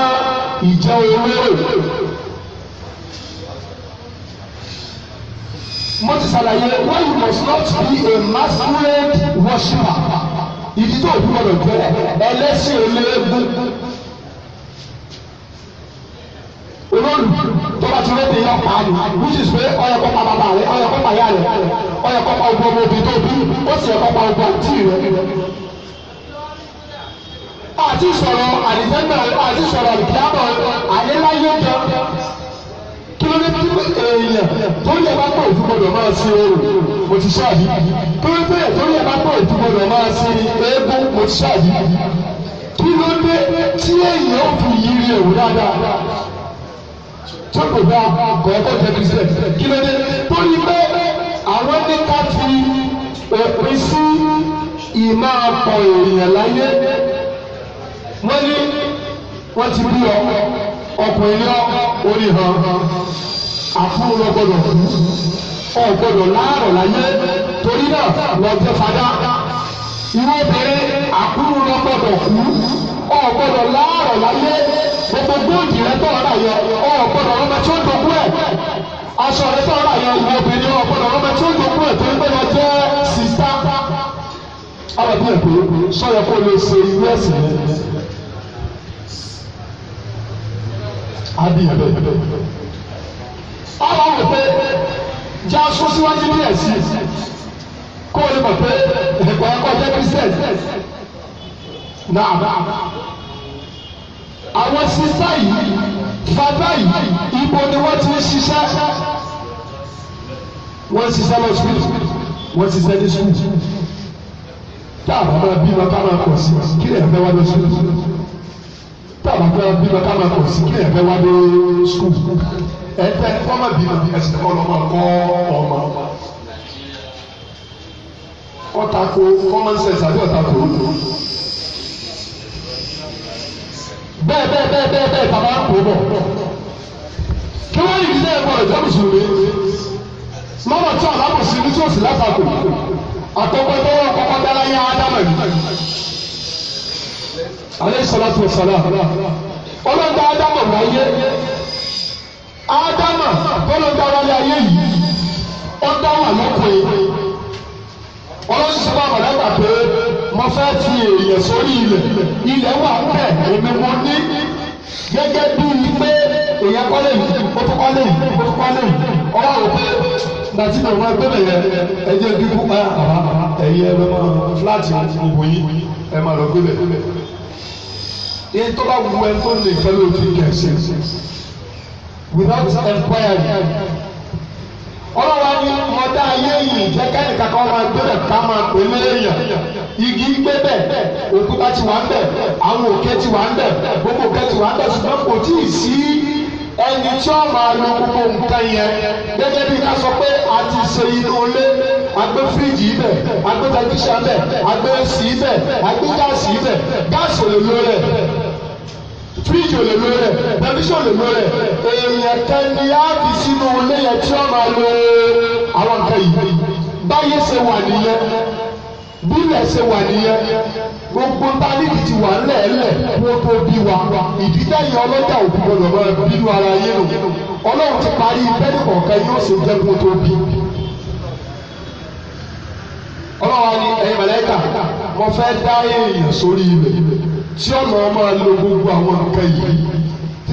ìjẹ olóró. mo ti ṣàlàyé why you must not be a masquerade worshipper ìdí tó o gbọ́dọ̀ jẹ ẹlẹ́sìn olóògùn olóòlù tọ́ba ti léde yọ pa àlù which is pé ọyọ kọ́ pa bàbá rẹ ọyọ kọ́ pa yá rẹ ọyọ kọ́ pa ogun ọmọ òbí tó bí ó sì yẹ kọ́ pa ogun àǹtí rẹ. àti sọ̀rọ̀ àdìsẹ́gbẹ̀ àti sọ̀rọ̀ àdìsẹ́gbẹ̀ àyẹ́láyé jọ kí ló dé tí èèyàn tó yẹ bá pọ̀ òfin gbọdọ̀ máa ṣe oòrùn mo ti ṣáàyí tó yẹ bẹ́ẹ̀ tó yẹ bá pọ̀ òfin gbọdọ̀ máa ṣe eégún mo ti ṣáàyí kí ló dé tí èèyàn ò fi yiri èwù dáadáa tọ́pù bá kọ̀ọ̀kọ́ tẹ̀lé sílẹ̀ kí ló dé torí pé àwọn ní ká òpin sí ìmọ̀ ọ̀pọ̀ èèyàn láyé wọ́n ní wọ́n ti bí ọkùnrin yọ orí hàn àfúnrọ gbọ́dọ̀ kú ọ láàrọ̀ láyé torí náà lọ fada irú obìnrin àkúrú lọ gbọ́dọ̀ ọ̀ gbọ́dọ̀ láàrọ̀ láyé gbogbo góòdì rẹ tó ọ̀rọ̀ yọ ọ̀ gbọ́dọ̀ ọmọ tí ó dogun ẹ̀ aṣọ rẹ tó ọ̀rọ̀ yọ ìwọ obìnrin ọ̀ gbọ́dọ̀ ọmọ tí ó dogun ẹ̀ tó ń gbọ́dọ̀ jẹ́ sista alábí ẹ̀ pé sọ́yẹ kó lè ṣe irú ẹ̀sìn rẹ adì ẹ̀ bẹ́ẹ̀ ọ̀rọ̀ wò pé jẹ́ aṣọ síwájú ní ẹ̀sìn kó o lè mọ̀ pé ẹ̀kọ́ ẹ̀kọ́ jẹ́ kírísítẹ̀sì náà àwọn sísá yìí fàtà yìí ibo ni wọ́n ti ń ṣiṣẹ́ wọ́n ṣiṣẹ́ lọ sùkúl wọ́n ṣiṣẹ́ ní sùkúl tá a bá máa bí wọn ká máa kọ̀ sí kí lè fẹ́ wá lọ sùkúl tá a bá máa bí wọn ká máa kọ̀ sí kí lè fẹ́ wá lọ sùkúl ẹ̀ẹ́dẹ́ ọmọ bí wọn ẹ̀sìn kọ́ lọ́mọ kọ́ ọmọ ọ̀tàkùn common sense àbí ọ̀tàkùn olùdó bẹ́ẹ̀ bẹ́ẹ̀ bẹ́ẹ̀ bẹ́ẹ̀ bẹ́ẹ̀ bàbá kò bọ̀ kí wọ́n yìí ní ẹ̀kọ́ ẹ̀jẹ̀ mùsùlùmí lọ́wọ́ tí alábòsí ní tí ó sì látakò àtọ́gbẹ́ tó wọ́n kọ́kọ́ dára yá ádámà yìí alẹ́ sọlá tó ádámà wáyé wáyé ayé yìí ọ̀dọ́ wà lọ́kùnrin ọlọ́sọ̀rọ̀ àmàlẹ́gbà pé wọ́n fẹ́ fi èèyàn sórí ilẹ̀ ilẹ̀ wà bẹ́ẹ̀ èmi mo ní gẹ́gẹ́ bíi pé èèyàn kọ́lé yìí ó tún kọ́lé yìí ó tún kọ́lé yìí ọwọ́ àwọn pé gbàtí mi ò máa gbé bẹ̀yẹ ẹjẹ́ bíbú pa ẹ̀yẹ ẹ̀rọ máa fúláàtì òwò yìí ẹ̀ máa lọ gbé bẹ̀. tó bá wù ẹ́ tó lè fẹ́ lójú kẹ̀sì without enquiry ọlọ́wà ni ọ̀dà ayé yìí jẹ́ káyìn kankan ọmọ agbẹ́bẹ̀ ká máa pè é léèyàn igi gbẹ́bẹ̀ òkúta ti wà ń bẹ̀ àwọn òkè ti wà ń bẹ̀ gbogbo òkè ti wà ń bẹ̀ ṣùgbọ́n kò tí ì sí ẹni tí ó máa lọ gbogbo nǹkan yẹn gẹ́gẹ́ bí ká sọ pé a ti ṣe inú ilé agbé fíríjì ibẹ̀ agbé tẹlifíṣàn ibẹ̀ agbé èsì ibẹ̀ agbé gáàsì ibẹ̀ gáàsì ò lè lọ rẹ̀ fíríjì le lè lo rẹ̀ tẹlifíṣàn ò lè lo rẹ̀ èèyàn kan ni á fi sínú ilé yẹn tí wọ́n máa lo àwọn nǹkan yìí báyé ṣe wà nìyẹn bílẹ̀ ṣe wà nìyẹn gbogbo tálíkì ti wà lẹ́ẹ̀lẹ̀ kó tó bí wa ìdílé yẹn ọlọ́jà òbí gbọdọ̀ máa bínú ara yín nù ọlọ́run ti parí bẹ́ẹ̀ni kọ̀ọ̀kan yóò ṣe jẹ́ kó tó bí. ọlọ́run ẹ̀yin màláíkà mo fẹ́ dá èèyàn sórí ilẹ̀ tí ọmọ máa lo gbogbo àwọn nǹkan yìí tí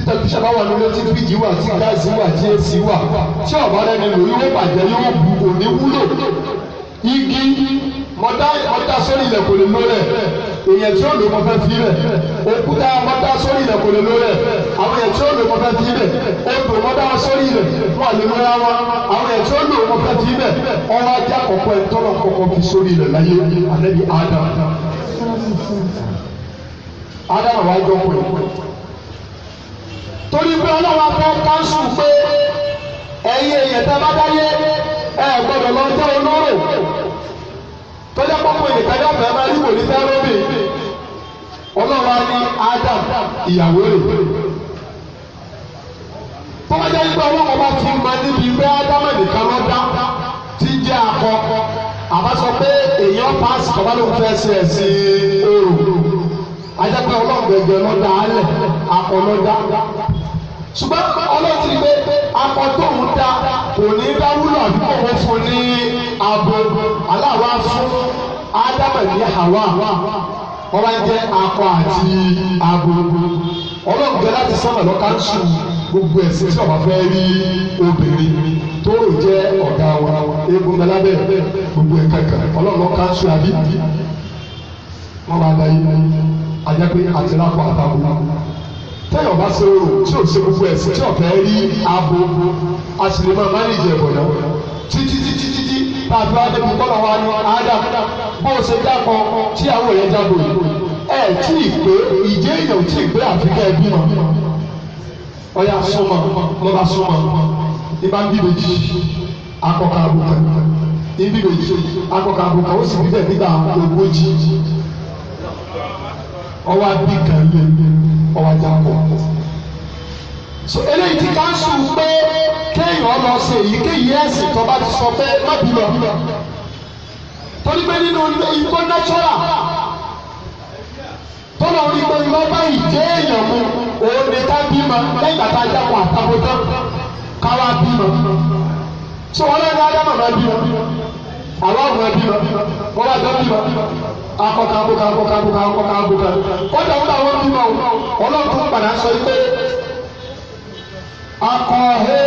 tẹlifíṣàn bá wà lórí tí fíjì wà tí gáàsì wà tí èsì wà tí ọ̀bá rẹni lò yóò bàjẹ́ yóò bu kò wúlò igi mọ́tà sórí ilẹ̀ kò lè lọ rẹ̀ èyàn tí ó lò mọ́ fẹ́ fi rẹ̀ òkúta mọ́tà sórí ilẹ̀ kò lè lọ rẹ̀ àwọn èyàn tí ó lò mọ́ fẹ́ fi rẹ̀ odò mọ́tà sórí ilẹ̀ wà lè mọ́ra wọn àwọn èyàn tí ó lò mọ́ fẹ́ fi rẹ̀ ọ̀rọ̀ ajá kọ̀kọ́ ẹ̀ tọ́lọ̀ kọ̀kọ́ fi sórí ilẹ̀ láyé àlẹ́ bí ádámù ádámù wá jọ pé torí pé ọlọ́wọ́ fẹ́ káńsù pé ẹ̀yin èèyàn tẹ́ bá dáyé ẹ gbọ́dọ̀ lọ jẹ́ olóró tó jẹ́ pọ́pọ́ ìdíkàjọ́ fẹ́ máa rí wòlíì fẹ́ róbì ọlọ́wọ́ ní ádámù ìyàwó rẹ̀ tọ́jà ìgbà ọlọ́wọ́ bá ti máa níbi pé ádámù nìkan ló dá ti jẹ́ akọ àbá sọ pé èèyàn pass kọ́bálóhùn fẹ́ sí ẹ̀ sí i ajẹ́pẹ́ ọlọ́ọ̀gbẹ̀jẹ̀ lọ́dà alẹ̀ akọ̀lọ́dà ṣùgbọ́n ọlọ́ọ̀tì gbé akọ tó ń da kò ní bá wúlò àdúgbò wọn fún ní abo aláwa fún ádámà ní àwa jẹ akọ àti abo ọlọ́ọ̀gbẹ̀ láti sọ́nà lọ́ka gbogbo ẹ̀sìn tí ọba fẹ́ rí obìnrin tó rò jẹ́ ọ̀gá wa eégún mẹ́lábẹ́ gbogbo ẹ̀ka kan ọlọ́ọ̀gbẹ̀ ká ń sùn àbí wọ́n máa da yín ajẹ́pẹ́ àtìlákọ àtàkù tẹ́yọ̀ bá ṣe orò tí ò ṣe gbogbo ẹ̀sìn tí ọ̀fẹ́ rí abo a sì lè máa mánéjì ẹ̀bọ̀ náà títí títí títí tàbí adébí kọ́nà wa ni ádá bó o ṣe dákọ tí àwọn èèyàn jágbo yìí ẹ̀ tí ì pé ìjẹ́ èèyàn tí ì pé àfikà ẹbí mọ̀ ọ̀yà súnmọ̀ lọ́ba súnmọ̀ ìbá ń bí méjì akọ̀kọ̀ àbùkà ìbí méjì akọ̀kọ̀ àbùkà ó sì bí bẹ́ẹ̀ nígbà ogójì ọwọ́ abí kan lé ọwọ́ ajá pọ̀ so eléyìí ti káńsù pé kéèyàn lọ ṣe èyíkéyìí ẹ̀sìn tó bá ti sọ pé má bí lọ torí pé nínú ikó natural tọ́lọ̀ orí pé ìwọ báyìí jẹ́ èèyàn mu òun ni ká bímọ lẹ́yìn bàtà ajá pọ̀ àtàkùn tán káwá bímọ so wọn lẹ́nu ajá màmá bímọ. ala ọmọ ẹbí ma wọn bá tẹ́lẹ̀ bí ma akọ kábó kábó kábó kábó kábó kábó ó dàgbà àwọn bí ma o ọlọ́run tó he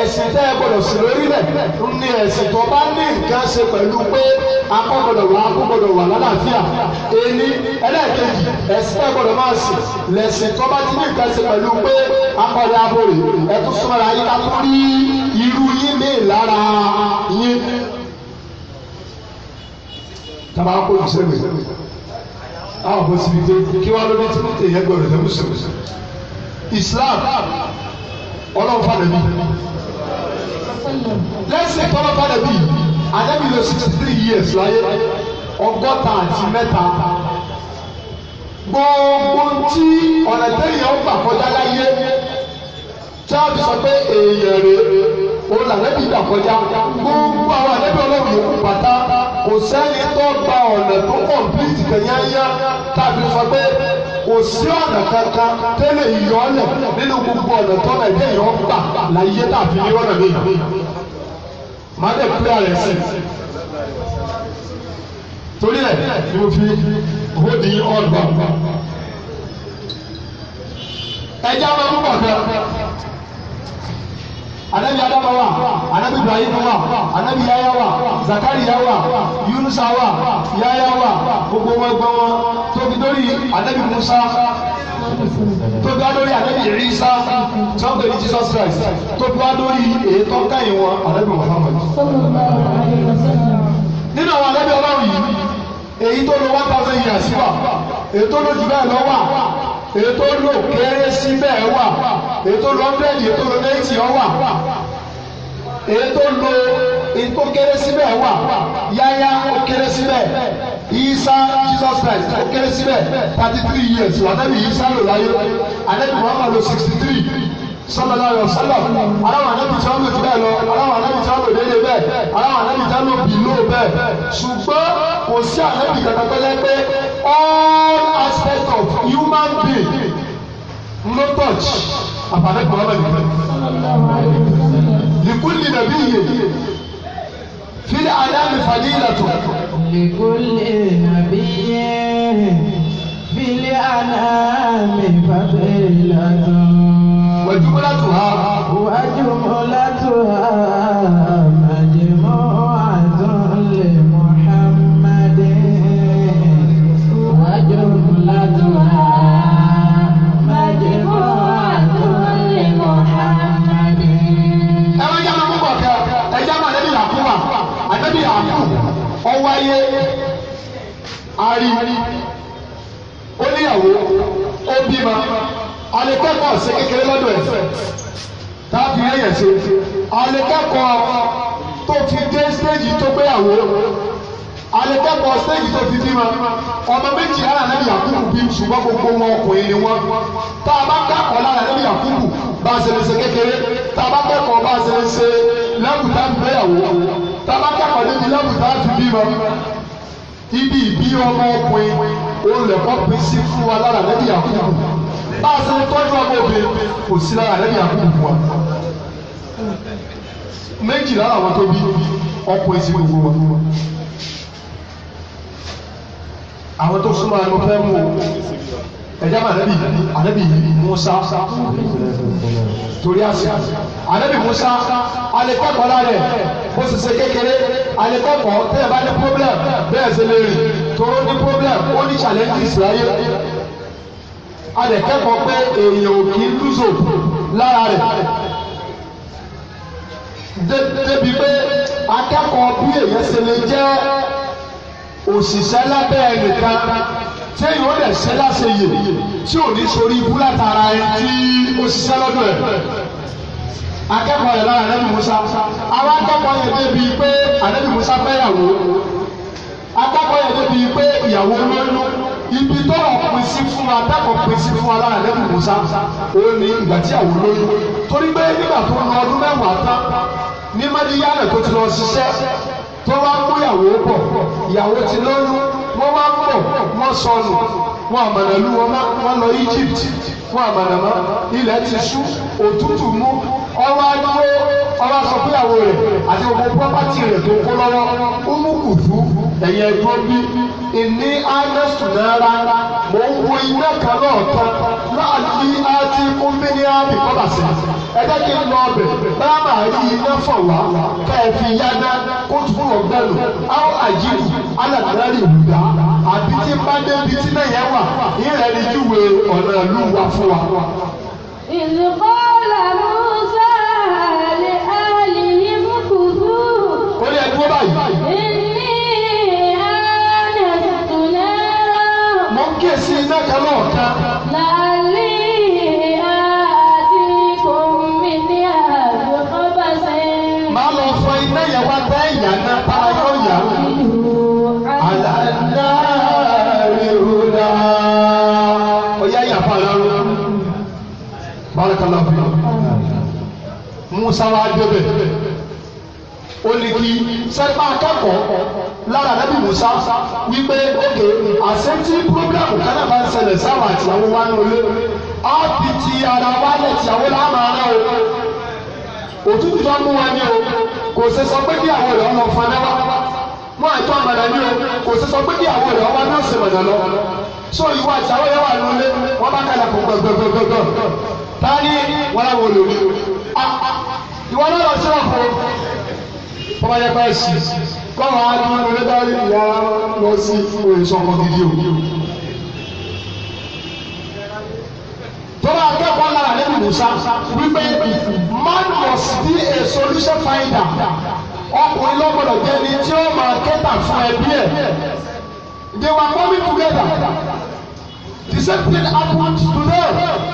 ẹ̀sìn tẹ́ ẹ gbọ́dọ̀ sí lórílẹ̀ ní ẹ̀sìn tó bá ní nǹkan ṣe pẹ̀lú pé akọ́ gbọ́dọ̀ wà akọ́ gbọ́dọ̀ wà lálàáfíà ẹni ẹlẹ́ẹ̀kejì ẹ̀sìn tẹ́ ẹ gbọ́dọ̀ máa sìn lẹ̀sìn tó bá ti ní nǹkan ṣe pẹ̀lú pé akọ́dẹ abòrè ẹ̀tún súnmọ́ra yín ká tún rí irú yín ní ìlara yín. tàbá kó jù sẹ́mi àwọn ọmọ síbi dé kí wọ́n lọ́dún tí èèyàn gbọ́dọ̀ tẹ́ Islam ọlọ́run fàdé mi. Let's lẹ́sìn tọ́lọ́pàdà bíi ànábì lọ sixty three years láyé ọgọ́ta àti mẹ́ta gbogbo tí ọ̀nà tẹ́yìn ọgbà kọjá láyé charles sọ pé èèyàn rèé òun làlẹ́bí gbà kọjá gbogbo àwọn àlẹ́bí ọlọ́run yòókù pátá kò sẹ́ni tó gba ọ̀nà tó kọ̀m̀pìtì tẹ̀yán yá tàbí sọ pé kò sí ọ̀nà kankan tẹ́lẹ̀ ìyọ́lẹ̀ nínú gbogbo ọ̀nà tọ́lẹ̀ dé ìyọ́ gbà láyé tàbí ní ọ̀nà mi. Má dẹ̀ pílẹ̀ rẹ̀ sí. Torí ẹ̀ ni mo fi hóde ọ̀gbà. Ẹja máa ń gbàgbọ́. Anabi Adama wa, Anabi Ibrahim wa, Anabi Yaya wa, Zakariya wa, Yunusa wa, Yaya wa, gbogbo wọn gbọ́ wọn tó lórí anabi musa tó dá lórí anabi isa tó ń pèlú jesus christ tó dá lórí ètò káyìn wọn anabi muhammad. nínú àwọn anabi ọlọ́run yìí èyí tó lò one thousand years wà èyí tó lò jù bẹ́ẹ̀ lọ wà èyí tó lò kéré sí bẹ́ẹ̀ wà èyí tó lò hundred èyí tó lò ninety ọ wà èyí tó lò èyí tó kéré sí bẹ́ẹ̀ wà yáyá ó kéré sí bẹ́ẹ̀ isa jesus christ ó kéré síbẹ̀ thirty three years anabi isa lò láyé anabi muhammad lò sixty three sọlọlá yọ sọlọ aláwọ anabi tí wọn lò jù bẹ́ẹ̀ lọ aláwọ anabi tí wọn lò déédéé bẹ́ẹ̀ aláwọ anabi tí wọn lò bìló bẹ́ẹ̀ ṣùgbọ́n kò sí anabi kankan pé all aspects of human being no touch àbálẹ muhammad likuli nabi yẹ fil alami fadilatu. likulli nabiyyin fil alami fadilatu. wa jumlatuha. wa jumlatuha. wáyé ari ó níyàwó ó bímọ alẹ́kọ̀ọ́kọ́ ṣe kékeré lọ́dọ̀ ẹ̀ tàbí ẹ̀yẹ̀ ṣe alẹ́kọ̀ọ́kọ́ tó fi dé stéèjì tó gbéyàwó alẹ́kọ̀ọ́kọ́ stéèjì tó fi bímọ ọmọ méjì lára lẹ́bi Yakubu bí ṣùgbọ́n gbogbo wọn ọkùnrin ni wọn tá a bá kẹ́kọ̀ọ́ lára lẹ́bi Yakubu bá a ṣe lè ṣe kékeré tá a bá kẹ́kọ̀ọ́ bá a ṣe lè ṣe lẹ́kùn gbéyàwó tábàkà pàdé ti lẹ́bùn tá a ti bímọ ibi ìbí ọmọ ọkùnrin olùlẹ̀kọ́ pín sí fún wa lára lẹ́bí àkùkù bá a ṣe tọ́jú ọmọ obìnrin kò sí lára lẹ́bí àkùkù fún wa méjì lára àwọn tó bí ọkùnrin sí gbogbo wọn àwọn tó súnmọ́ ẹnu fẹ́ mú o ẹ̀jẹ̀ bá anabi anabi musa torí àṣẹ anabi musa alẹ́kọ̀ọ́ lálẹ́ bó ṣe ṣe kékeré alẹ́kọ̀ọ́ tẹ́lẹ̀ bá ní problem bẹ́ẹ̀ ṣe lè rìn tóró ní problem ó ní challenges láyé alẹ́kọ̀ọ́ pé èèyàn ò kì í lùzò lára rẹ̀ débi pé akẹ́kọ̀ọ́ bí èèyàn ṣe lè jẹ́ òṣìṣẹ́ lábẹ́ ẹnìkan ṣé yìí ó lè ṣe láṣẹ yè tí ò ní sori ibú látara ẹ tí ó ṣiṣẹ́ lọ́dọ̀ ẹ̀ akẹ́kọ̀ọ́ yẹn lára Ànábì Musa àwọn akẹ́kọ̀ọ́ yẹn débi pé Ànábì Musa fẹ́yàwó akẹ́kọ̀ọ́ yẹn débi pé ìyàwó lóyún ibi tó wà pín sí fún wa dákọ̀ pín sí fún wa lára lẹ́nu musa òun ni ìgbà tí àwọn olóyún torí pé nígbà tó lọ ọdún mẹ́wàá tán ní mẹ́díyàlẹ̀ tó ti lọ ṣiṣẹ́ tó wá mú ìyàwó bọ̀ ìyàwó ti lóyún wọ́n wá pọ̀ wọ́n sọnù wọn àmàlà lù wọn wọ́n lọ Egypt wọn àmàlà mọ́ ilẹ̀ ti ṣú òtútù mú ọwọ́ adúró ọba sọ pé àwọn rẹ̀ àti gbogbo pọ́pátì rẹ̀ tó kó lọ́wọ́ ó mú kùtù bí ìní ánẹ́sùn náírà mò wo iná kan náà tán láti àti kúmbíníà nìkọ́lá sí ẹ kí n lọ ọbẹ̀ bá máa rí iná fọ̀ wá ká ẹ fi yá ná kó àjíwù alàdúrárì wùdá àbí tí bá débi tí náà yẹn wà ìrẹ́ ni júwe ọ̀nà ìlú wa fún wa. ìlú kọ́ làlú sẹ́yìn. dúró báyìí. mo ń kíyèsí iná kan lọ́ọ̀kan. lálẹ́ àdìgbò mi ní àdìgbò bá ṣe. máa lọ fọ iná yẹn wá tẹ́ náà tára musa wa débẹ̀ ó ní kí sẹ́pà akẹ́kọ̀ọ́ lára nàbì Musa wípé òkè àṣetí púrógírámù kan náà bá ń ṣẹlẹ̀ sáwọn àtìyàwó wa ní olé á fi ti ara wa lẹ́tìyàwó láàmà ara o òtútù tó ń mú wa ní o kò ṣe sọ pé kí àwọn èèyàn lọ fún anáwá wọn àìtó àmàlà ní o kò ṣe sọ pé kí àwọn èèyàn wá náà ṣe mọ̀nà lọ so ìwọ àtìyàwó yẹn wà ní olé wọn bá kàlà kó gbọgbọgbọgbọ tani wọn làwọn olè ìwọ náà lọ sí bọ́bá yẹ báyìí sí kọ́mọ adúmọ̀ lórí báyìí ìyá lọ sí òyìnbó ọkọ̀ gidi o. tọ́lá akẹ́kọ̀ọ́ náà lè mú sa wípé man must be a solution finder ọkùnrin lọ́gbọ̀dọ̀ jẹ́ ni tí ó máa kẹ́tà fún ẹbí ẹ̀ they were coming together the same thing happened today.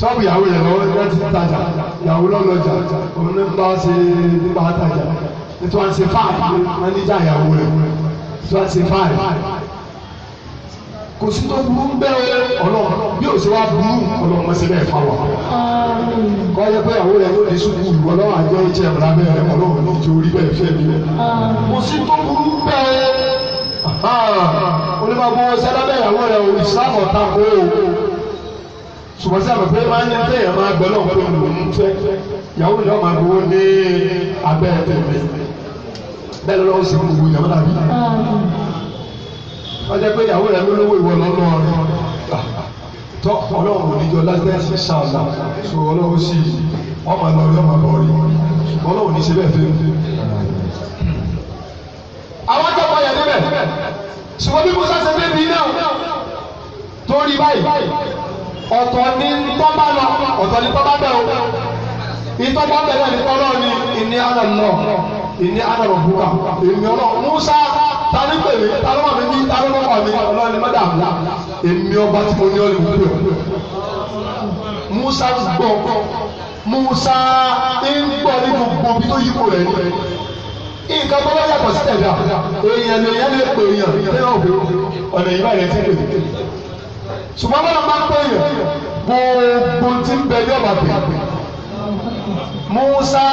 sọ́ọ̀bù ìyàwó yẹn lọ́wọ́ ẹ̀ ti tajà ìyàwó lọ́lọ́jà òun ní bá ṣe nípa tajà ètò àṣẹ fáàlì máníjà ìyàwó rẹ̀ ètò àṣẹ fáàlì. kò sí tó burú bẹ́ẹ̀ ọlọ́run bí o ṣe wá burú ọlọ́run mọ́ sí bẹ́ẹ̀ fà wá. kọ́ ẹ pé ìyàwó rẹ̀ ló di sùkú ìwọ lọ́wọ́ àjọ ìjẹ́ ìmọ̀lá bẹ́ẹ̀ rẹ̀ ọlọ́run ló ti orí bẹ́ẹ̀ fẹ́ mi. kò sí tó burú bẹ́ẹ̀ onímọ̀ ṣùgbọ́n sábà pé máa ń yẹ téèyàn máa gbọ́ náà gbọ́dọ̀ lòún fẹ́ ìyàwó ìyá máa gbowó ní abẹ́ tẹ̀lé bẹ́ẹ̀ lọ́wọ́ sí gbogbo ìyàwó dàbí. wọ́n jẹ́ pé ìyàwó rẹ̀ ló lówó ìwọ lọ́nà ọ̀rọ̀ tọ́ ọlọ́run oníjọ lásìlẹ́sì ṣáàlà so ọlọ́run sì ọmọ lọ́rí ọmọ lọ́rí ọlọ́run ní síbẹ̀ fẹ́. àwọn akẹ́kọ̀ọ́ yẹn níbẹ̀ ṣùgbọ́n bí musa ṣe dé bí náà tó rí báyìí ọ̀tọ̀ ní tọ́ba lọ ọ̀tọ̀ ní tọ́ba bẹ̀ o ìtọ́ba bẹ̀ ní kọ́lọ́ ni ìní àná lọ ìní àná lọ bùkà èmi ọlọ́ Musa tani pèmí talọ́mọ mi bí talọ́mọ mi ni. mẹ́ta àbúlá èmi ọba tí mo ní ọ̀lẹ́ wípé o Musa gbọ́ Musa ń gbọ́ ní gbogbo bí tó yípo rẹ̀ ní nǹkan tó bá yàtọ̀ sí ẹ̀dá èèyàn lè yẹn lè pè èèyàn lẹ́yìn òbí ọ̀nà ìbáyẹn ti pè é ṣùgbọ́n bọ́lá máa ń pè yẹn gbogbo tí ń bẹ yọ̀bà pè. Musa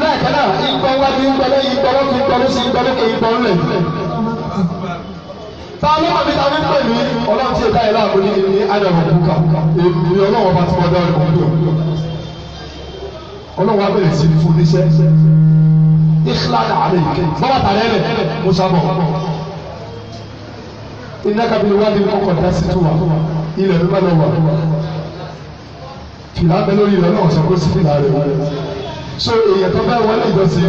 lẹ́ẹ̀kan náà ìgbọ́ wájú ìgbọ́ lẹ́yìn ìgbọ́ lókè ìgbọ́ lósì ìgbọ́ lókè ìgbọ́ lẹ̀. ta ló mọ̀ mi ta ló ń pè mí ọlọ́run tí ìka yẹn láàbò ní ní ádámù kúkà èmi ọlọ́run bá ti mọ dáhùn ọdún ọlọ́run wá bẹ̀rẹ̀ sí fún níṣẹ́ ìkìlá àlẹ́ ìkẹ́ bọ́lá tàlẹ́ rẹ̀ Musa bọ̀ iná kábílì wá ní kọkọ dásí tó wà ilẹ̀ ló bá lọ wà fìlà bẹ lórí ilẹ̀ náà sọ pé sí fìlà rẹ so èèyàn tó bá wọlé ìjọsìn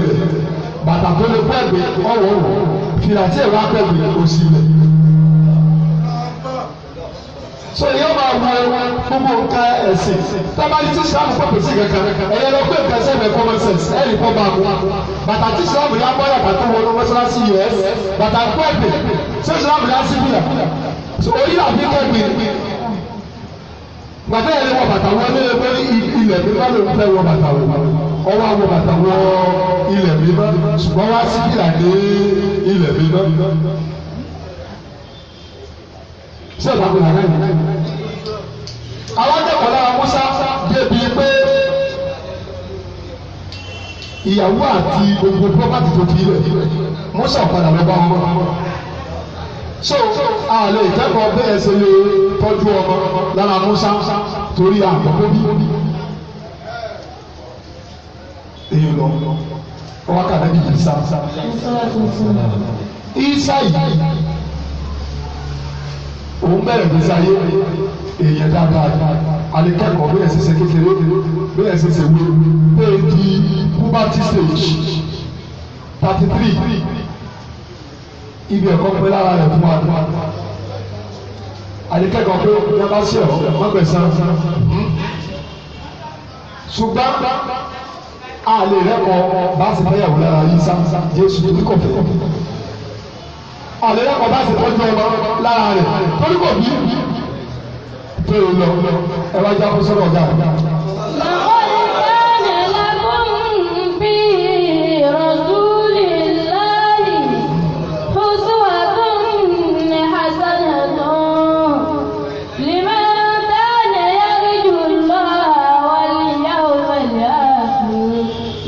rẹ so yóò máa wo gbogbo nǹkan ẹ̀sìn tábàdí tí sàmù pọ̀ pèsè kankan ẹ̀yẹ lọ pé nǹkan sẹ́fẹ̀ common sense ẹ̀ lè kọ́ bá a wá bàtà tí sàmù yà bọ́ yàtà tó wọnú mọ́ṣáláṣí us bàtà pọ̀ pè ṣé sàmù yà sí bíyà so orí àbí kẹ́gbìn gbàtà yẹn lè wọ bàtà wọ ní ẹgbẹ́ ilẹ̀ mi bá lè fẹ́ wọ bàtà wọ ọwọ́ àwọ bàtà wọ ilẹ̀ mi bá ṣùgbọ́n wá sí bíyà ní ilẹ̀ mi bá sí ọ̀dà àgbẹ̀ yàrá yìí. àwọn akẹ́kọ̀ọ́ lára Musa débi pé ìyàwó àti gbogbo pọ́pátì tó fi rẹ̀ Musa padà lọ bá wọn. so àlè ìkẹ́kọ̀ọ́ bẹ́ẹ̀ ṣe lè tọ́jú ọmọ lára Musa torí àkọ́kọ́ bí èyí lọ ọwọ́ kàdé bí Isa Isa yìí òun bẹ̀rẹ̀ bí sáyé èèyàn dáadáa alẹ́kẹ́kọ̀ọ́ bí ẹ̀sìn ṣe kékeré bí ẹ̀sìn ṣe wé pé di puberty stage thirty three ibi ẹ̀kọ́ pé lára rẹ̀ fún wa alẹ́kẹ́kọ̀ọ́ pé wọ́n bá ṣe ọ̀ mọ́gbẹ̀sán ṣùgbọ́n a lè rẹ́kọ̀ọ́ bá a sì fẹ́ yàwó lára yìí sá Jésù tó ní kọ̀ọ̀fẹ́ kọ̀ọ̀fẹ́ àlẹ́lẹ́kọ̀ọ́ bá ṣe tọ́jú ọmọ lára rẹ̀ torí kò bí tó o lọ ẹ wá já fún sọ́dọ̀ ọ̀gá.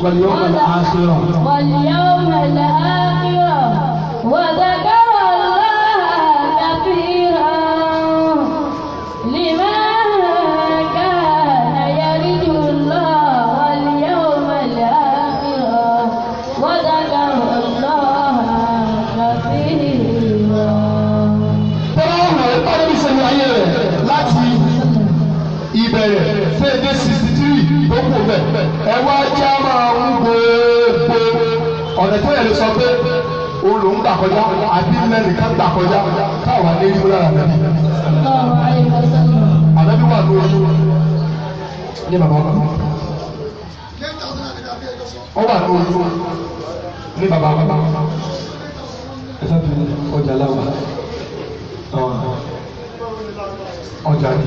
واليوم gbà kọjá àbí lẹ́nu ká gbà kọjá káwa lé ní wúlò ànábì. ànábì wà ní oṣù ní bàbá wa. ó wà ní oṣù ní bàbá wa. ẹ sábà ọjà láwà ọjà ni.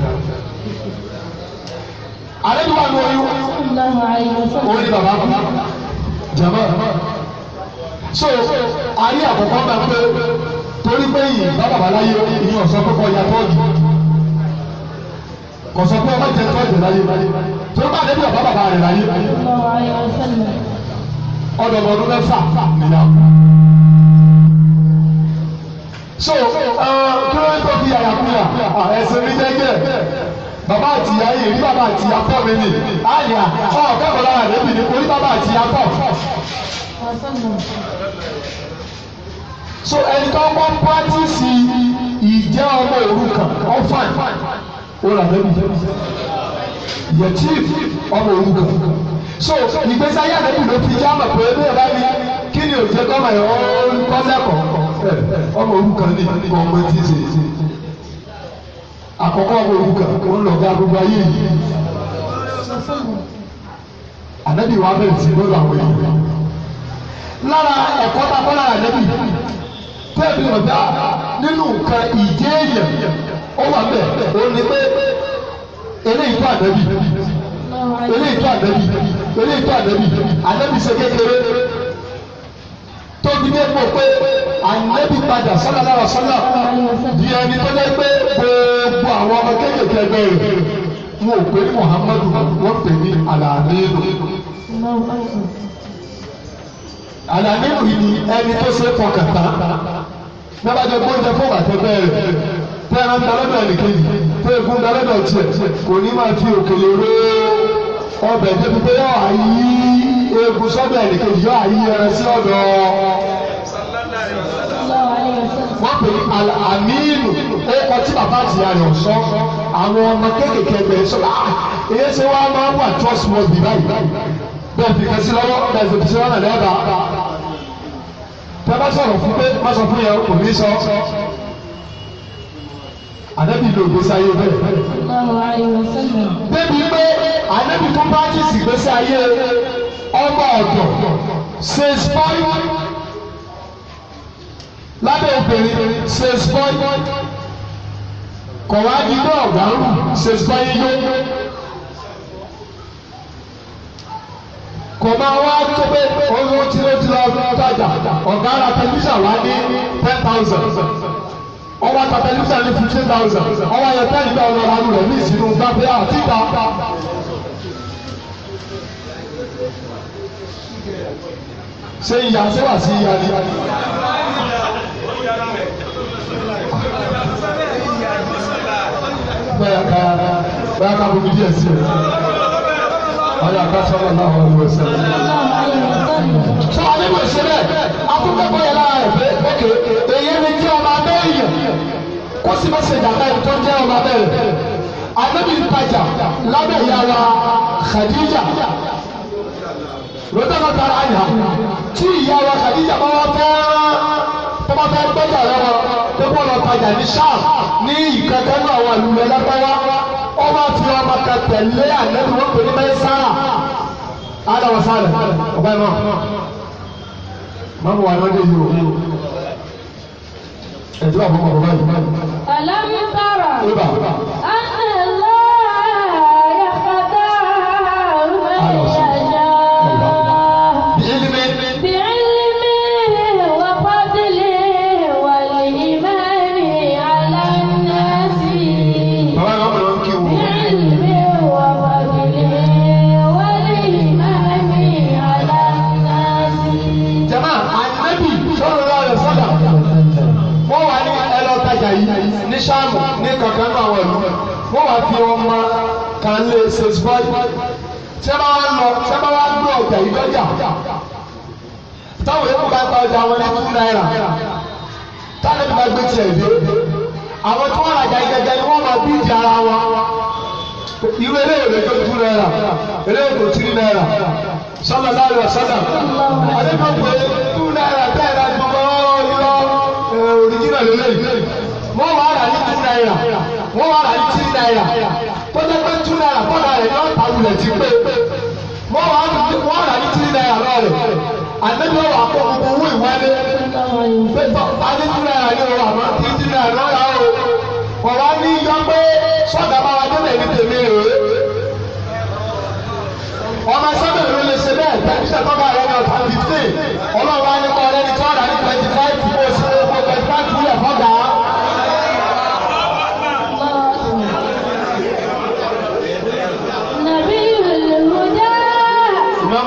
àlejò wà ní oyún. ó ní bàbá wa. jàmbá so ayé àkọ́kọ́ máa pé torí pé yìí bá bàbá láyé ìyẹn ọ̀sán pé kọ́ ya tọ́jú kò sọ pé ọmọ jẹ tọ́jú láyé tó bá dé bí ọ̀bá bàbá rẹ̀ láyé ọ̀dọ̀mọ̀ ọdún mẹ́fà nìyàwó so uh, kí ló ń tó fi yàrá kúnyà ẹsẹ̀ mi jẹ́jẹ́ bàbá àti ìyá yìí rí bàbá àti ìyá pọ̀ mi nì àyà ọ̀ kẹ́kọ̀ọ́ lára rẹ̀ bì ní orí bàbá àti ìyá pọ̀ so ẹni tó kọ́ pátìsì ìjẹ́ ọmọ òrukàn ọ̀fàn òun àbẹ́bí yẹtíf ọmọ òrukàn so ìgbésí ayé àbẹ́bí ló fi já mọ̀ pé bí ẹ bá rí kí ni òjẹ́ kọ́mọ̀ ẹ̀ kọ́ lẹ́kọ̀ọ́ ọmọ òrukàn ní ọmọ tí ṣe àkọ́kọ́ ọmọ òrukàn òun lọ̀gá gbogbo ayé yìí ànábì wa bẹ̀rẹ̀ sí lọ́dọ̀ àwọn èèyàn lára ẹ̀kọ́ tá a kọ́ lára ànábì yìí ànábì ọ̀dà nínú nǹkan ìjẹ́ èèyàn ó wà bẹ́ẹ̀ ó ní pé eléyìí tó ànábì eléyìí tó ànábì eléyìí tó ànábì ànábì ṣe kékeré tóbi dé mọ̀ pé ànábì padà sọ́nà sọ́nà di ẹni tó dé pé gbogbo àwọn ọmọ kéékèèké ẹgbẹ́ rẹ̀ wọn ò pè ní Muhammadu wọn pè ní alaamiru alaamiru yìí ni ẹni tó ṣe fọkàn tán nàbàjọ gbóúnjẹ fún àtẹgbẹ́ rẹ̀ tẹ́ ẹran dalẹ́dọ̀ ẹnìkejì tẹ́ egun dalẹ́dọ̀ tiẹ̀ kò ní máa fi òkèlè wé ọbẹ̀ débi yọ àyí egun sọ́dọ̀ ẹnìkejì yọ àyí ẹran sí ọ̀dọ̀ wọ́n pè ní àmínú ọkọ tí bàbá àti ìyá rẹ̀ sọ àwọn ọmọ kéékèèké ẹgbẹ́ sọ ah, èyí ṣe wá máa wà trust must be báyìí bẹ́ẹ̀ fi kẹsí lọ́wọ́ bẹ́ẹ̀ fi kẹsí lọ́wọ́ nàdẹ́ẹ̀dá tẹ bá sọ̀rọ̀ fún pé má sọ fún yẹn kò ní sọ ànábì ló gbèsè ayé bẹ́ẹ̀. débi pé ànábì tó bá ti sì gbèsè ayé ọmọ ọ̀dọ̀ says boy lábẹ́ obìnrin says boy kọ̀wá dídọ̀ ọ̀gá rù says boy yóò. kò máa wá tó pé owó tí ó ti lọ tajà ọ̀gá ara tẹlifíṣàn wá ní ten thousand ọwọ́ ata tẹlifíṣàn ní fifteen thousand ọwọ́ ayẹ tẹ́lẹ̀ bí ọ̀nà ọ̀hún rẹ̀ ní ìsinú gbàgbé àtìgbà. ṣé ìyá ṣé wà sí ìyá ni. bẹ́ẹ̀ ká bẹ́ẹ̀ ká bóbi díẹ̀ sí i ayé akásọ́lá náà wọ́n wọ ẹsẹ̀ rẹ̀. sọ àdébò ìṣẹ̀lẹ̀ akókò bọyọ lára rẹ pé èyí ni tí ọmọ abẹ èèyàn kó sì má ṣe ìjàmbá ẹni tó jẹ ọmọ abẹ rẹ àdébò ìtajà lábẹ́ ìyára Khadija lọ́dọ̀ náà àyà tí ìyára Khadija bá wà fẹ́ràn tó bá fẹ́ gbọ́dọ̀ rẹ wọn tó ní sáà ní ìkankanú àwọn ìlú rẹ lápá wá kan tẹ̀lé ànábì wọn pè ní mẹ́sàrà ádámù sálẹ̀ ọ̀gá ẹ̀ máa máa mú wa lọ́dẹ yìí o ẹ̀dúrà fún ọ̀gá yìí. ọ̀làmú sára. kankan náà àwọn ìlú wọn wà fi ọmọ kan lé ṣe síwájú sẹ́bà wà lọ sẹ́bà wà gbọ́ ọjà ìdọ́jà táwọn èèyàn bá gba ọjà wọn ní two naira táwọn èèyàn bá gbé tiẹ̀ dé àwọn tí wọ́n rajà ìjẹjẹ ni wọ́n máa bí ìjà ara wọn irú eléyìí tó two naira eléyìí tó three naira sọlá láàrin ọ̀sán náà àdébọ̀ pé two naira tẹ́ẹ̀rẹ́ gbọ́ yọ òrìjìnà lélẹ́yìí wọ́n wà rà ní two náírà wọ́n wá rà ní tí tó jẹ́ pé tú náírà bọ́dà rẹ̀ yọ ọ̀tà wulẹ̀ ti pé wọ́n wá rà ní tí lọ́rẹ̀ àdébí ọ̀rọ̀ àpò gbogbo owó ìwọlé pé báyé tú náírà ní ọ̀rọ̀ àmọ́ kì í tí lọ́rẹ̀ o ọ̀rọ̀ á yọ pé sọ́dà bá wa débẹ̀ ní tèmi rèé ọmọ sábẹ̀ ló lè ṣe bẹ́ẹ̀ tẹ̀síṣẹ́ tó bá rẹ̀ ní ọ̀tá ti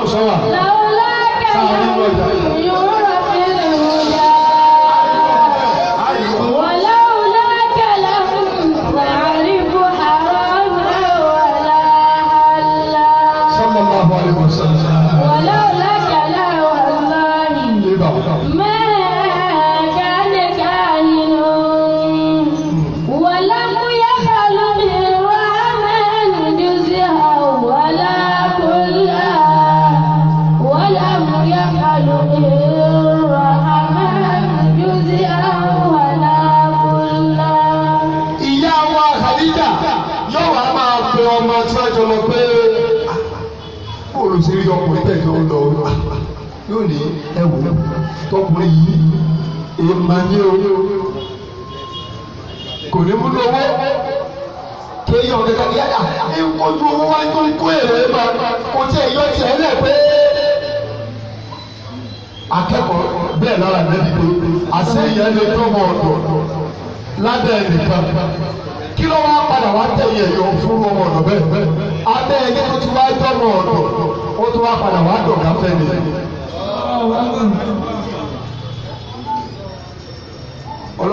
老了，加油！ní o kò ní múlò owó kéèyàn ọ̀gá kan yáyà ìkojú owó wá tó kó èrè ma kò tí ẹ yọ tí ẹ lẹ pé akẹ́kọ̀ọ́ bẹ́ẹ̀ lára lẹ́bi pé àṣeyẹ lè tó mọ ọ̀dọ̀ lábẹ́ nìkan kí ló wá padà wá tẹ̀yẹ̀ yọ fún ọmọ ọ̀dọ̀ bẹ́ẹ̀ abẹ́ ẹgbẹ́ tó ti wá jọmọ ọ̀dọ̀ ó tó wá padà wá dọ̀gá fẹ́ nìyẹn.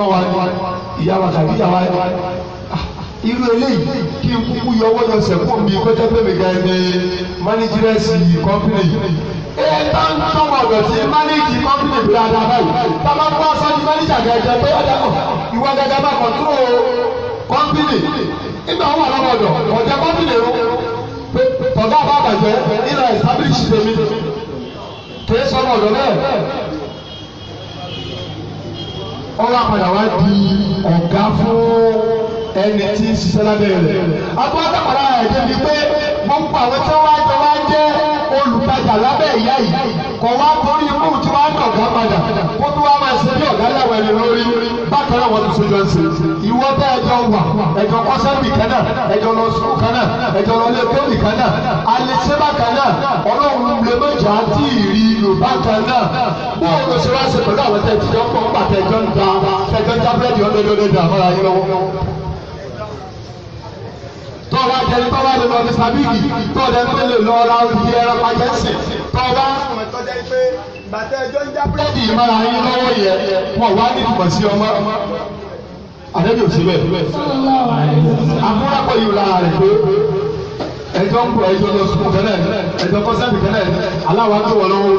ọlọ́wà ni ìyá wa tàbí ìyá wa ah, irú eléyìí kí n kúkú yọwọ́ yọ sẹ́kù mi kọjá pẹ̀lú gẹ́gẹ́ mánéjírẹ́sì kọ́mpìnì ẹ bá ń tọ́wọ́ ọ̀dọ̀ sí mánéjì kọ́mpìnì bí dáadáa báyìí bàbá bá sọ́jú mánéjà gẹ́gẹ́ pé ọ̀dà ìwà gẹ́gẹ́ bá kọ̀tún o kọ́mpìnì nígbà wà lọ́wọ́dọ̀ ọ̀jẹ̀ kọ́mpìnì rú tọ́gá bá bàjẹ́ nílò establish tèmi kì í sọ́nà ọ̀dọ̀ náà ọwọ́ àpàdà wá di ọ̀gá fún ẹni tí ń ṣiṣẹ́ lábẹ́ rẹ̀. àbúrò àtàkùn ara bíi pé gbogbo àwọn tí wọ́n wá jọ wá jẹ́ olùtajà lábẹ́ ìyá yìí kọ̀ wá torí irú tí wọ́n á dọ̀gá padà kó tó wá máa ṣe bí ọ̀gá láwọn ẹni lórí bákan náà wọ́n ti sojú ọ̀sẹ̀. ìwọ bẹ́ẹ̀ ẹjọ́ wà ẹjọ́ kọ́sẹ́bì kan náà ẹjọ́ lọ sùn kan náà ẹjọ́ lọ lé bẹ́ẹ̀lì kan náà alẹ́ ṣe bákan náà ọlọ́run lè méjà tí ìrì ìlú bákan náà bó o lọ ṣe wá ṣe pẹ̀lú àwọn tẹ̀síjọ́ pọ̀ pàtẹ́jọ́ ń ta tẹ̀jọ́ tọ́wọ́ ajẹni tọ́wọ́ lè lọ ní sàbíkì tọ́wọ́ tó lè lọ ra oúnjẹ ẹran pàjẹ́sì tọ́wọ́ gbàtẹ́ ẹjọ́ ń já búrẹ́dì yìí máa lọ́wọ́ yẹ wọn wá ní ìtumọ̀ sí ọmọ àdébí ò sí bẹ́ẹ̀ àkúrápọ̀ yìí lára rẹ̀ pé ẹjọ́ ń pọ̀ ẹjọ́ lọ sùkúl tẹ́lẹ̀ ẹjọ́ kọ́sẹ́ǹtì tẹ́lẹ̀ aláwa tó wọ̀ lọ́wọ́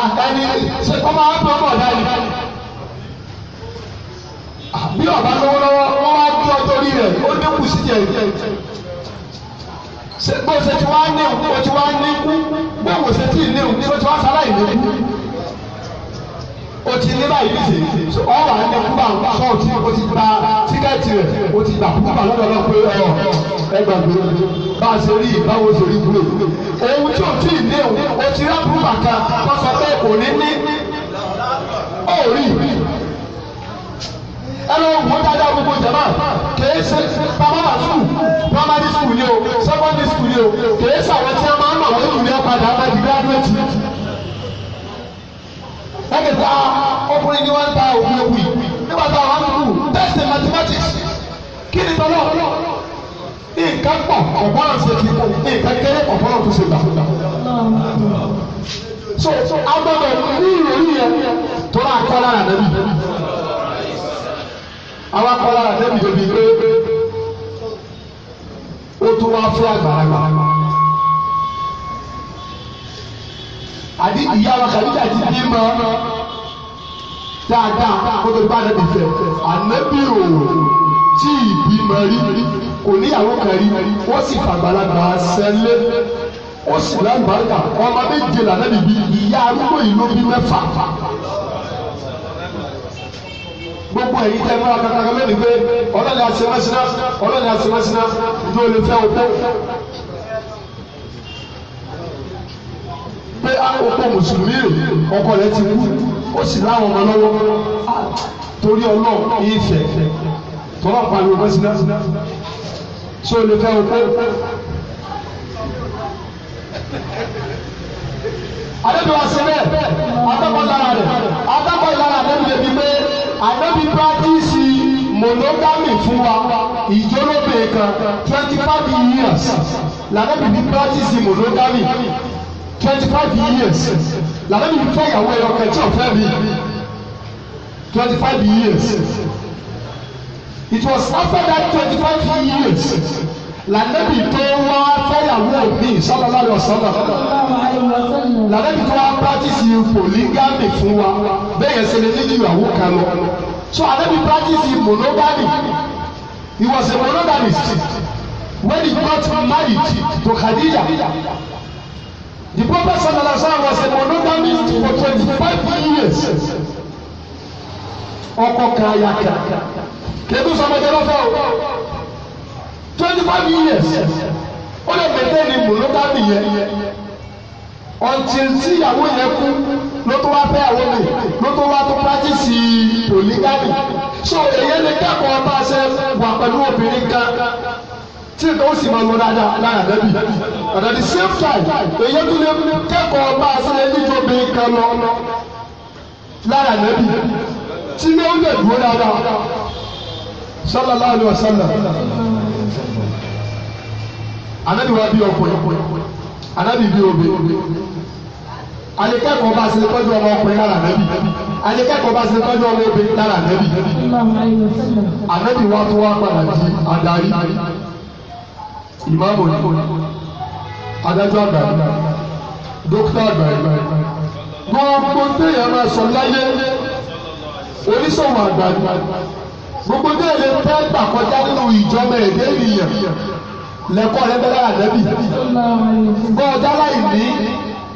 òkè ẹni ṣe kọ́ máa ń tọ́ bí ọba lówó lọ́wọ́ wọ́n wá gbé ọjọ́ orí rẹ̀ ó dínkù sí jẹ jẹ ṣe bó ṣe ti wá ní òkú ó ti wá ní kú bó wò ṣe ti ní òkú ó ti wá sáláì ní kú o ti ní báyìí bí ṣe ọ wà ní kúbà sọ ti o ti gba tíkẹ́ẹ̀tì rẹ̀ o ti gbà kúbà lọ́dọ̀ náà pé ọ ẹ gbàgbé bá a ṣe rí ìbáwo ṣe rí kúrò ohun tí o ti ní o ti rẹ́ kúbà kan kó sọ pé kò ní ní ó rí ẹ lọ wọ dáadáa gbogbo jama kèé ṣe pamara school primary school ni o secondary school ni o kèé ṣe àwọn tí a máa ń lọ wọ́n ìlú ní ọ̀padà àbájú graduate. ẹ̀kẹ́ ta ọkùnrin ni wọ́n ń ta òkú ewu yìí nígbà tá àwọn àdúgbò test in mathematics kí ni tọ́lọ́ nǹkan pọ̀ ọ̀gbọ́n ṣe kí kò nǹkan kéré ọ̀gbọ́n tó ṣe gbà. so agbọ́dọ̀ ní ìròyìn yẹn tó rà kọ́ lára nàbí àwọn akọ́lá rẹ̀ débi débi pé ó tún wá fún àgbàlagbà. àbí ìyá wa kàdíjà ti bí mọ́ dáadáa kó tó bá dẹ́bi fẹ́ ànábì ò tí ì bímọ rí kò níyàwó kan rí ó sì fàgbàlagbà sẹ́lé ó sì lẹ́nu bàtà ọmọ méje lànà bíbí ìyá arúgbó ìlú bí mẹ́fà gbogbo ẹ̀yin tẹ́ múra kankan mẹ́rin pé ọlọ́ni àṣemọ́síná ọlọ́ni àṣemọ́síná ìjọ olè fẹ́ opó. pé opó mùsùlùmí rè ọkọ rẹ̀ ti kú ó sì láwọn ọmọ lọ́wọ́ ah, torí ọlọ́ọ̀ ìfẹ́ tọ́lá pariwo mọ́síná tí olè fẹ́ opó. adébíwá sẹ́lẹ̀ adákọ̀ọ́ lára rẹ̀ adákọ̀ọ́ lára àdébí pàtíìsì monogamy fún wa ìjólóbe kan twenty five years làdébí bí pàtíìsì monogamy twenty five years làdébí bí fẹ́yàwó ẹ̀yọ kẹtí ọ̀fẹ́ mi twenty five years it was after that twenty five years lànàbì tó wá fẹ́yàwó mi sallallahu alaihi wasallam lànàbì tó wá pàtìsì polygamy fún wa bẹ́ẹ̀ yẹn ṣẹlẹ̀ níbi ìyàwó kan lọ so ànàbì pàtìsì monogamy he was a monogamist when he got married to Khadija the prophet sallallahu alaihi was a monogamist for twenty-five years ọkọ kan ayaka kébù sọmọdé lọfẹ o twenty five years ó lè gbẹ̀dẹ́ ní mòlógámì yẹn ọ̀tí tí ìyàwó yẹn kú ló tó wá fẹ́ àwọn mi ló tó wá tó pàtísì pòlígámì so èyí lè kẹ́kọ̀ọ́ bá a ṣe wà pẹ̀lú obìnrin kan tí ìtọ́ ó sì máa lọ dáadáa lára dẹ́bì at the same time èyí tó lè kẹ́kọ̀ọ́ bá a ṣe lè níjọ obìnrin kan lọ lára dẹ́bì tí ló ń lè dúró dáadáa sallallahu alaihi wasallam anabi wa bí ọkùnrin anabi bí obìnrin alikẹ́kọ̀ọ́ bá ṣe tọ́jú ọmọ ọkùnrin lára anabi alikẹ́kọ̀ọ́ bá ṣe tọ́jú ọmọ obìnrin lára anabi anabi wa tó wá padà di adarí ìmáàmù ní adájọ́ àgbà ní dókítà àgbà ní gbogbo téèyàn máa sọ láyé oníṣòwò àgbà ní gbogbo téèyàn lè fẹ́ gbà kọjá nínú ìjọba ẹ̀dẹ́ ènìyàn lẹ́kọ́ rẹ bẹ́ẹ̀ lára nẹ́bì gbọ́ ọjà láìní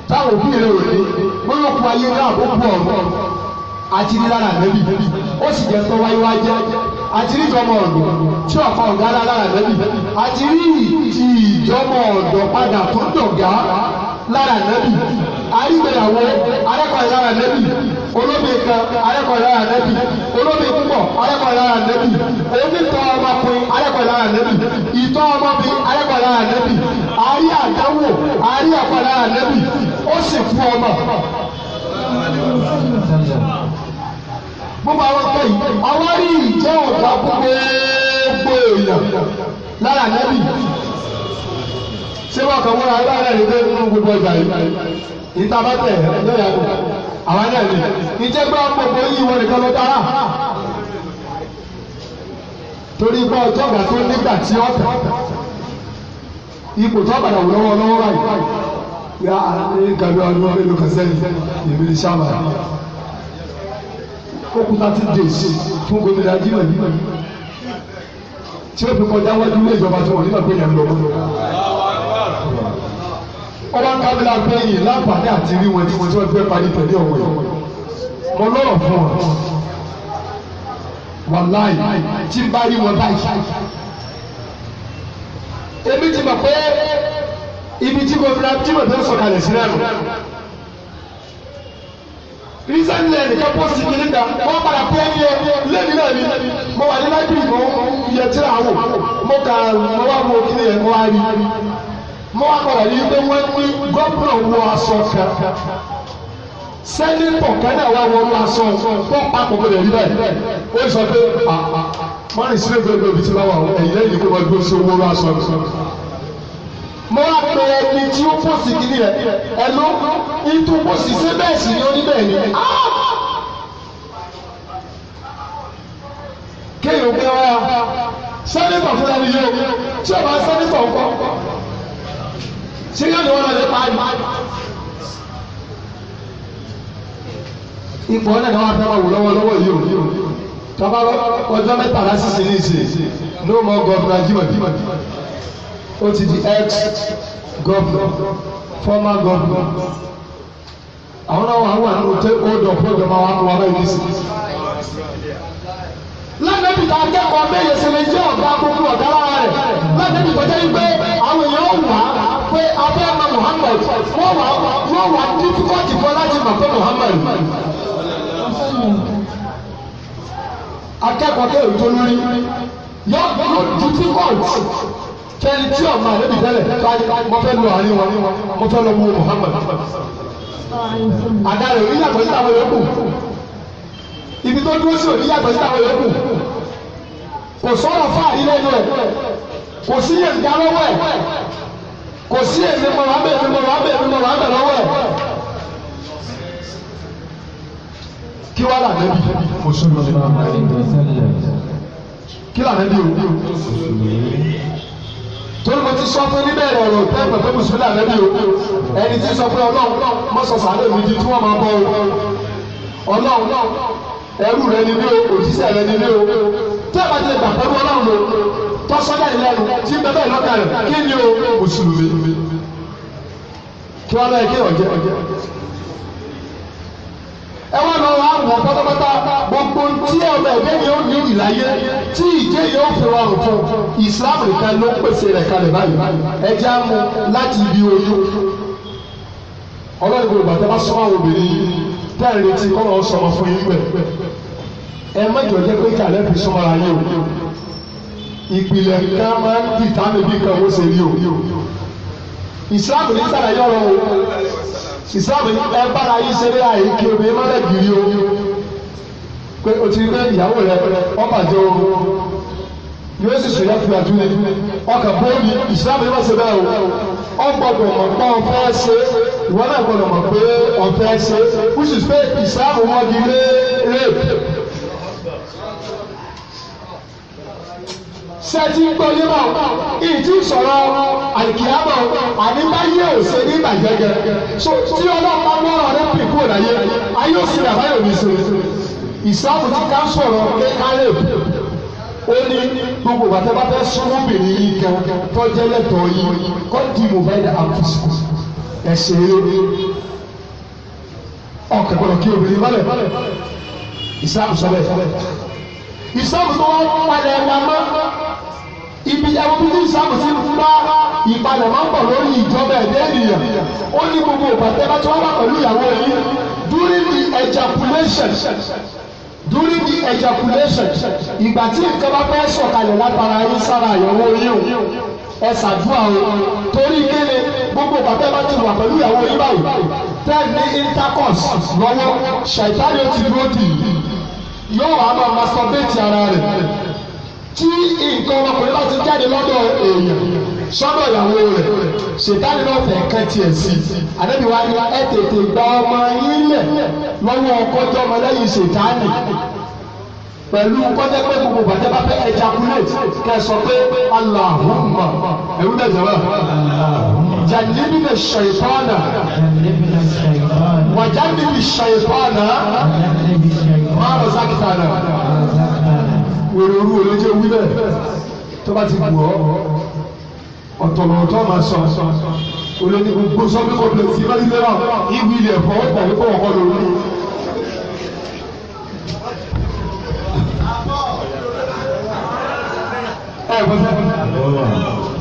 táwọn òbí rẹ ò ní bóyá òkú ayé náà ó kú ọ̀rọ̀ àti ní lára nẹ́bì ó sì jẹ́ tó wáyé wáyé àti ní ìjọmọ ọ̀dọ́ tí ọ̀fà ọ̀gá lára nẹ́bì àti ní ti ìjọmọ ọ̀dọ́ padà tó dọ̀gá lára nẹ́bì àrígbẹ̀yàwó arẹ́kọ̀ọ́ lára nẹ́bì olóbi kan ayẹ́kọ̀ọ́lá ànẹ́bì olóbi púpọ̀ ayẹ́kọ̀ọ́lá ànẹ́bì onítọ̀ ọmọkùnrin ayẹ́kọ̀ọ́lá ànẹ́bì ìtọ̀ ọmọbìnrin ayẹ́kọ̀ọ́lá ànẹ́bì àárí àdánwò àárí àkọ̀ọ́lá ànẹ́bì ó sì fún ọmọ gbogbo àwọn ọkọ yìí àwọn rí ìjẹ́ ọ̀gá gbogbo èèyàn lára nẹ́bì ṣé wọ́n kàn wọ́n ra ẹgbẹ́ rẹ̀ ní gbogbo ọjà yìí ìta bá tẹ̀ àwọn náà ni ìjẹ́ pé ọ̀pọ̀pọ̀ yìí wọ nìkan ló dára torí pé ọjọ́ ìgbà tó nígbà tí ó tẹ̀ ipò tó padà wù lọ́wọ́ lọ́wọ́ báyìí yá ní gàdú ọdún mélòó kan sẹ́yìn èmi ní sábà kókúta ti dè sí fún gómìnà ajímọ̀ yìí tí ó fi kọjá wájú ilé ìjọba tí wọ́n nígbà pé yẹn lọ́wọ́ ọba kábílà péyìn láǹfààní àti rí wọn tí wọn tí wọn gbé parí tẹ̀lé ọ̀wọ́ yìí mo lọ́rọ̀ fún ọ wàláì tí n bá rí wọn báyìí èmi ti mọ̀ pé ibi tí mo fira tí mo fẹ́ sọ̀kalẹ̀ sí náà rizan lẹ nìkan pọ́sì kìíní kan wọ́n padà pé ẹni yẹ lẹ́ni náà ni mo wà ní láìpẹ́ ìgbọ́n yẹ tíra wò mo kà mo wà mo kí ni yẹ mo wá rí mo wá padà yí pé wọ́n ní gómìnà wọ aṣọ kan sẹ́nitọ̀ kan náà wá wọ́n lọ aṣọ tó papọ̀ kò lè rí báyìí ó sọ pé wọ́n rìn sílẹ̀ fún ẹgbẹ́ tí wọ́n wà ẹ̀yẹ́ yìí kó wọ́n gbé sí owó lọ aṣọ mo wá pe ẹni tí ó pòsì kìíní rẹ ẹ ló ìtú pòsì sí bẹ́ẹ̀ sì ni ó ní bẹ́ẹ̀ ni. Ah! kéèyàn pé wá sẹ́nitọ̀ fúnra mi yé tí o bá sẹ́nitọ̀ kọ́ ṣé yóò ní wọn lọ pa ìmọ̀ ipò ọ̀nà ni wọn fẹ́ wà wò lọ́wọ́lọ́wọ́ yìí o tọ́ba ọjọ́ mẹ́tàlá sísè ní ìsè no more governor jimobi ó ti di ex governor former governor àwọn náà wà wà ní òtẹ́ old of old ọmọ àwọn àwọn ẹni sí. lẹ́nu ìta akẹ́kọ̀ọ́ bẹ́ẹ̀ yẹsẹ̀ lè jẹ́ ọ̀gá gbogbo ọ̀gá lára rẹ̀ lẹ́nu ìtọ́jẹ́ ń gbé àwọn èèyàn out wọ́n wà wọ́n wà difficult fún láti mọ̀ pé Muhammad akẹ́kọ̀ọ́ kẹ́ òjò lórí yọ yọ difficult kẹ́ni tí ọ̀ma rẹ̀ bí tẹ́lẹ̀ káyé mo fẹ́ lọ àárín wọn mo fẹ́ lọ wo Muhammad àdáyé oníyàtọ̀ sí àwọn yòókù ibi tó dúró sí oníyàtọ̀ sí àwọn yòókù kò sọ̀rọ̀ fáà ilé rẹ̀ kò sí yẹn ìdálọ́wọ́ ẹ̀ kò sí èmi mọ wàá bẹ èmi mọ wàá bẹ èmi mọ lọ́wọ́ ẹ̀. kí wàá lànà bí mùsùlùmí kí lànà bí o torí mo ti sọ fún níbẹ̀ ọ̀rọ̀ tẹ́gbẹ̀ pé mùsùlùmí lànà bí o ẹni tí sọ fún ọlọ́run mọ́sọ̀sọ̀ àlẹ́ mi di tí wọ́n máa bọ̀ o ọlọ́run ẹrú rẹ ni bí o òjíṣẹ́ rẹ ni bí o tẹ́gbà ti lè gbà pẹ̀lú tọ́sọ́dá ìlẹ́rù tí bẹ́ẹ̀ bẹ́ẹ̀ lọ́kà rẹ̀ kí ni o mùsùlùmí kí wọ́n bẹ́ẹ̀ kí ọ̀jẹ́ ẹ wá lọ wá wọ pátápátá gbogbo tí ọmọ ẹgbẹ́ yẹn ó ní ìláyé tí ìjẹ yẹn ó fi rọrùn fún Islam nìkan ló ń pèsè rẹ̀ kalẹ̀ báyìí ẹ já mu láti ibi oyún ọlọ́run gbogbo àtàwọn sọ́mọ́ àwọn obìnrin yìí tẹ́ ẹ̀ retí kọ́ lọ́ọ́ sọmọ fún yín pẹ̀ ẹ mẹ́jọ jẹ́ pé kàlẹ́ fi sọ́mọ́ ara yín o ìpìlẹ̀ nǹkan máa ń dì tá níbi kan ó ṣe rí o ìsìláàmù ní sàlàyé ọ̀rọ̀ o ìsìláàmù ní ẹ bára yín ṣeré àyè kí obìnrin má lè gírí o pé o ti rẹ ìyàwó rẹ ọbàjẹ́ o yóò sì sùn yàtúwà júlẹ̀ ọkàn bóyí ìsìláàmù ní wọ́n ṣe bẹ́ẹ̀ o ọ mọ̀ pé ọ fẹ́ ṣe ìwọ náà gbọ́dọ̀ mọ̀ pé ọ fẹ́ ṣe kúṣù pé ìsìláàmù wọn sẹ́tí gbọ́ yébà ìtì sọ̀rọ̀ àìkíyàbọ̀ àníbáyé ò ṣe ní ìbàjẹ́ gẹ so tí ọlọ́pàá mọ́rọ̀ rẹ pì kúrò láyé ayé òsì rẹ̀ àbáyọ̀ mi ṣe ìsáàmù ti ká sọ̀rọ̀ kékeré ó ní gbogbo bàtẹ́ bá fẹ́ súnmọ́ bìnrin yìí kan tọ́jẹ́ lẹ́tọ̀ọ́ yìí kọ́ di mobile àpùsù ẹ̀ṣẹ̀ eré ọkàn gbọdọ̀ kí obìnrin balẹ̀ ìsáàmù sọ bẹ́ẹ̀ ìsáàmù tó wọ́n padà ẹ̀ wá mọ́ ibi ẹwọ́n bí ìsàmù sí bá ìpadà máa ń bọ̀ lórí ìjọba ẹ̀dẹ́ ènìyàn ó ní gbogbo òpàtẹ́ bá tí wọ́n wà pẹ̀lú ìyàwó yìí during the ejaculation during the ejaculation ìgbà tí nǹkan bá fẹ́ sọ̀kalẹ̀ látara yín sára ìyàwó yìí ẹ ṣàdúrà o torí kéde gbogbo òpàtẹ́ bá ti wà pẹ̀lú ìyàwó yìí báyìí tẹ́ẹ̀ ní intercourse lọ́wọ́ ṣàìtàlẹ́ ti dúró dì yóò wá máa masturbate ara rẹ̀ tí nǹkan ọmọkùnrin bá ti jáde lọ́dọ̀ èèyàn sọ́dọ̀ ìyàwó rẹ̀ ṣètàlì náà fẹ́ kán tiẹ̀ sí i àdébí wa ni wa ẹ tètè gba ọmọ yín lẹ̀ lọ́wọ́ ọkọjọ́ ọmọ lẹ́yìn ṣètàlì pẹ̀lú kọ́jẹ́ pé gbogbo bàtẹ́ bá fẹ́ ẹja kúlẹ̀tì kẹ́ ẹ sọ pé Allahumma ẹ̀rú dẹ̀ jẹ́wọ́ jàndínlẹ̀ ṣèpọ́nà wàjáde ṣèpọ́nà márùn-ún sákìtà náà wèrè orú olójó wí bẹ́ẹ̀ tó bá ti bù ọ́ ọ̀tọ̀ọ̀rọ̀ tó máa sọ olóyè gbogbo sọ́bí kọ́pìlẹ̀sì bá ti lẹ́wà ìwé ilẹ̀ fọwọ́pọ̀ wípé ọ̀kọ́ lórí.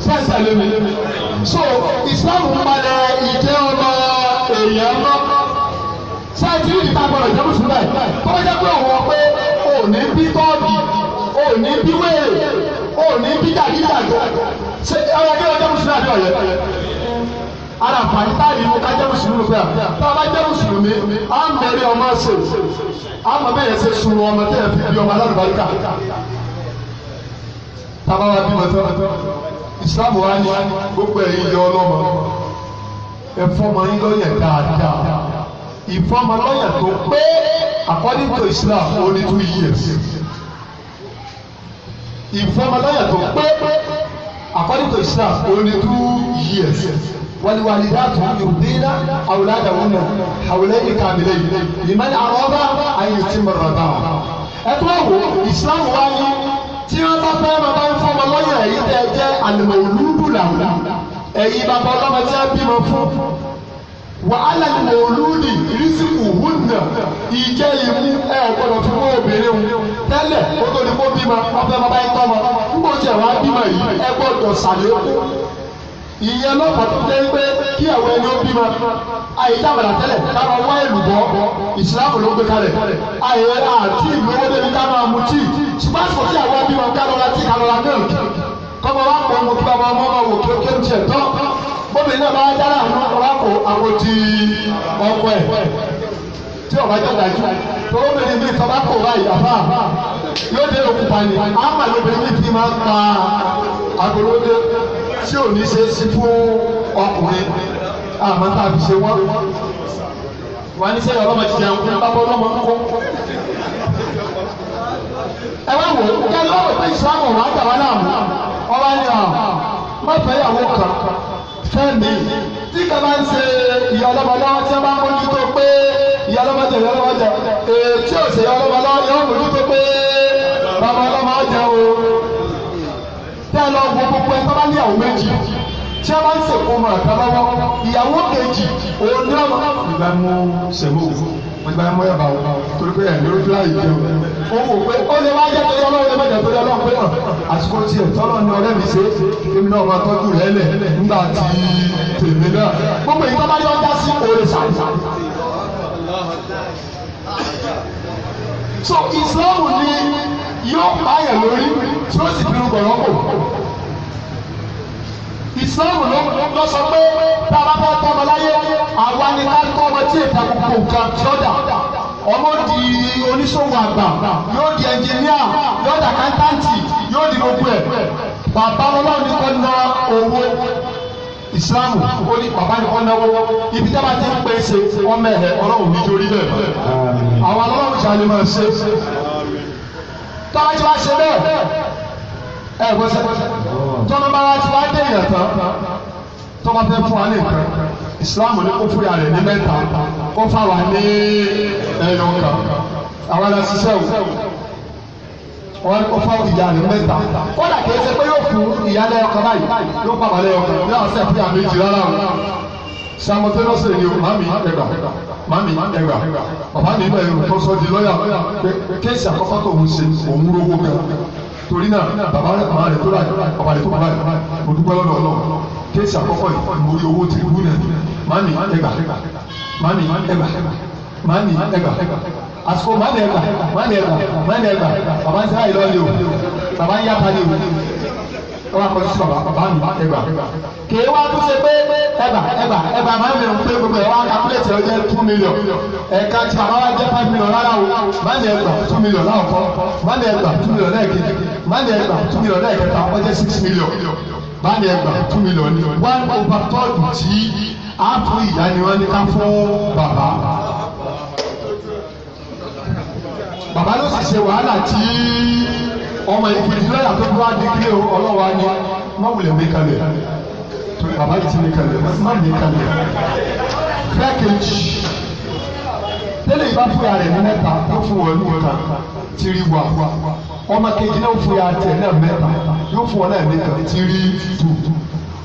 Sáìsà lémi. So Islam padà ìjẹ́ ọmọ èèyàn mọ́. Sáìsì yìí ta gbọ́dọ̀ jẹ́ mùsùlùmí báyìí. Tọ́wọ́ jẹ́ pé òun wọ pé òní bí tọ́ òní bí wéèrè òní bí jàdíjàdó ṣe ọyọ kí wọn jẹ mùsùlùmí àbí ọyẹ ara àǹfààní táàrí ká jẹ mùsùlùmí fẹ tá a bá jẹ mùsùlùmí à ń bẹ̀rẹ̀ ọmọ ṣe àmọ́ bẹyẹ ṣe sun ọmọ tẹ ẹ fi bí ọmọ alárùbáríkà tábà wá bímọ tán ìsìlámù wa ni gbogbo ẹ̀yin yọ ọlọ́mọ ẹ̀fọ́mọ yín lọ́yẹ̀ dáadáa ìfọ́mọ lọ́yẹ̀ tó pé according to Islam only two years ìfọmọláyà tó pé according to Islam only two years waliwali dàtú yorùbá awulada wọnà awulẹ̀yìn kàmílẹ̀ ìmọ̀ ní àrọ́bà ayé tí mo rọ̀ náà. ẹ tó wò Islam wá ní tí wọ́n bá fẹ́ máa bá ń fọmọ lọ́yà yìí tẹ́ jẹ́ àlùmọ̀ òlùdù làwọn ẹ̀yin bàbá ọlọ́mọ tí wọ́n bímọ fún wàhálà ni mòlúùdì ìrísìkù húnà ìjẹ́ ìmú ẹ gbọ́dọ̀ fi kó obìnrin òun tẹ́lẹ̀ kó tó ní kó bímọ ọ̀fẹ́ bàbá yìí tọ́mọ nígbà tí ẹ̀wọ̀n á bímọ yìí ẹ gbọ́dọ̀ sàlékù ìyẹn lọ́pàá tó tẹ́ pé kí àwọn ẹni ó bímọ àìjábàlà tẹ́lẹ̀ ká máa wá ìlú bọ́ ìsìláàmù ló gbé kalẹ̀ àyè àti ìlówó débi ká máa mu tíì ṣùgbọ́n àsìkò tí àwọn bímọ ká lọ́ra tíì ká lọ́ra mílíkì kọ́mọ wa pọ̀ mọ́ kí bàbá ọmọ máa wò kí ó kéwù tiẹ̀ tán bóbi náà bá dára àwọn ọkọ àwọn ti ọkọ ẹ tí ọba jẹ dájú tọwọ bẹ̀rẹ̀ bí ìtọ́ba kò báyìí àfa yóò dé òkú pani àmà ló bẹ̀rẹ̀ bí ti máa ń pa agolóde tí ò ní ṣe sí fún ọkùnrin àmọ́ tá a fi ṣe wọ́n wà ní sẹ́yìn ọlọ́mọ ti jẹun nípa bọ́ ọlọ́mọ ń kó. ẹ wá wò ó kí ẹ lọ́wọ́ pé ìsìlámù wà á gbà wá náà mú ọba ní àwọn má fẹ́ yàwó kan fẹ́mi tí kaba ń ṣe ìyá ọlọ́mọ náà tí a bá mójútó pé ìyá ọlọ́mọ jẹ ìyá ọlọ́mọ jẹ ètí òsè ìyá ọlọ́mọ náà yọ mójútó pé bàbá ọlọ́mọ jẹ o. tí a lọ wo gbogbo ẹ sábà ní àwọn méjì tí a bá ń ṣèkó àtàlọ́wọ́ ìyàwó kejì òun náà ìgbà mú sẹ́wọ́ mo ti bá yẹn torí pé ẹ̀ lórí fúláyì jẹ́ o. ó wò pé ó lè má jẹ́ torí ọlọ́run lè má jẹ́ torí ọlọ́run pé hàn àsìkò tiẹ̀ tọ́lọ́ ni ọ̀rẹ́ mi ṣe èmi náà máa tọ́jú rẹ̀ lẹ̀ nígbà tí tèmi náà gbogbo ìgbà bá yọ ọjà sí òòlù sàlẹ̀. so Islam ni yóò pààyàn lórí tí ó sì fi rúbọ̀ lọ́kọ̀. Islam ló sọ pé tá a bá fẹ́ tọ́ ọmọ láyé àwa ni ká tọ́ ọmọ tí èdè àkókò kan tí ó dà ọmọ di oníṣòwò àgbà yóò di ẹnjìníà yóò di àkántàǹtì yóò di gbogbo ẹ̀ bàbá ọlọ́run ní kọ́ na owó ìsìlámù ó ní bàbá ní kọ́ náwó ibi tí a bá ti ń pèsè ọmọ ẹ̀ ọlọ́run nítorí bẹ́ẹ̀ àwọn ọlọ́run ṣàlè máa ṣe tá a bá ti wá ṣe bẹ́ẹ̀ ẹ̀ gbọ́sẹ̀ gbọ́sẹ̀ tọ́nà bá wá ti wá dé èèyàn tán tó bá fẹ́ fún wa ní nǹkan ìsìláàmù ní kó fúyà rẹ̀ ní mẹ́ta kó fà wá ní ẹnu kan àwọn ará ṣiṣẹ́ wò wọ́n kó fà ìyá rẹ̀ mẹ́ta kódà kìí ṣe pé yóò fún ìyá lẹ́yọkan báyìí yóò pàmò lẹ́yọkan yóò ṣe fúyà méjì rárá o samọtẹlọsẹ ni o mami ẹgbà mami ẹgbà bàbá mi bẹ̀rù tó sọ di lọ́yà pé kéèsì àkọ́kọ́ tó ń ṣe òun rówó kan torí náà bàbá bàbá rẹ̀ tó báyìí bàbá rẹ̀ tó bàbá rẹ̀ mo dúpẹ́ lọ́dọ̀ ọlọ́run kéèsì àkọ́kọ́ yìí mo rí owó ti wú náà mami ẹgbà mami ẹgbà mami ẹgbà àsìkò mami ẹgbà mami ẹgbà mami ẹgbà bàbá ń sáyà ìlọ́ọ̀lẹ́ o bàbá ń yá pálí o wọ́n akọ sí bàbá ẹgbà kì í wá tó ṣe pé ẹgbà ẹgbà ẹgbà máa ń mìíràn pé gbogbo ẹ̀ wá kápẹ́lẹ̀tì ọ jẹ́ two million ẹ̀ka tí bàbá wa jẹ́ five million rárá o máa ní ẹgbà two million láwùkọ́ máa ní ẹgbà two million lẹ́ẹ̀kejì máa ní ẹgbà two million lẹ́ẹ̀kẹta ọ six million máa ní ẹgbà two million one over third tí a fún ìyá fún bàbá bàbá ló sì ṣe wàhálà tí ọmọ ìkejì lọ́yà tó bá di kílé o ọlọ́wà ni má wulẹ̀ mi kalẹ̀ torí bàbá yìí ti mi kalẹ̀ má mi kalẹ̀ fẹ́ kejì tẹ́lẹ̀ ìbá fúya rẹ̀ ní mẹ́ta tó fún wọn ní mẹ́ta ti rí wa ọmọ kejì náà fúya tẹ̀ náà mẹ́ta yóò fún wọn náà mẹ́ta ti rí tù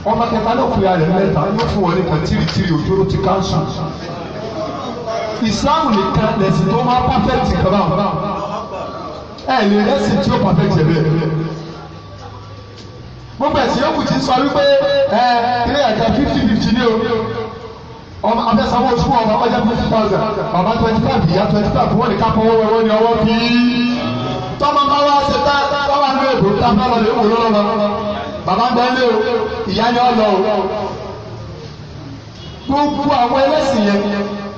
ọmọ kẹta náà fúya rẹ̀ mẹ́ta yóò fún wọn nípa tìrì tìrì òjò ló ti káńsù ìsìláàmù nìkan lẹ̀sìn tó máa pàfẹ́tì kan báwọn ẹ lè rẹ́sì tí ó perfect ẹ̀ bẹ́ẹ̀. gbogbo ẹ̀sìn yòókù ti sọ wípé ẹ kílẹ̀ ẹ̀jẹ̀ fifty fifty ní o ọmọ abẹ́sàwọ̀ oṣù ọmọ ọjà fifty thousand bàbá twenty five ìyá twenty five wọ́n ní ká fọwọ́ wẹ́wọ́ ní ọwọ́ bí. tọ́mọ bá wá ṣe tá tọ́wọ́ àná èbò tá bá lọ lè wò lọ́wọ́ bàbá ń bẹ́ẹ̀ lé o ìyá ni ọ lọ o. gbogbo àwọn ẹlẹ́sìn yẹn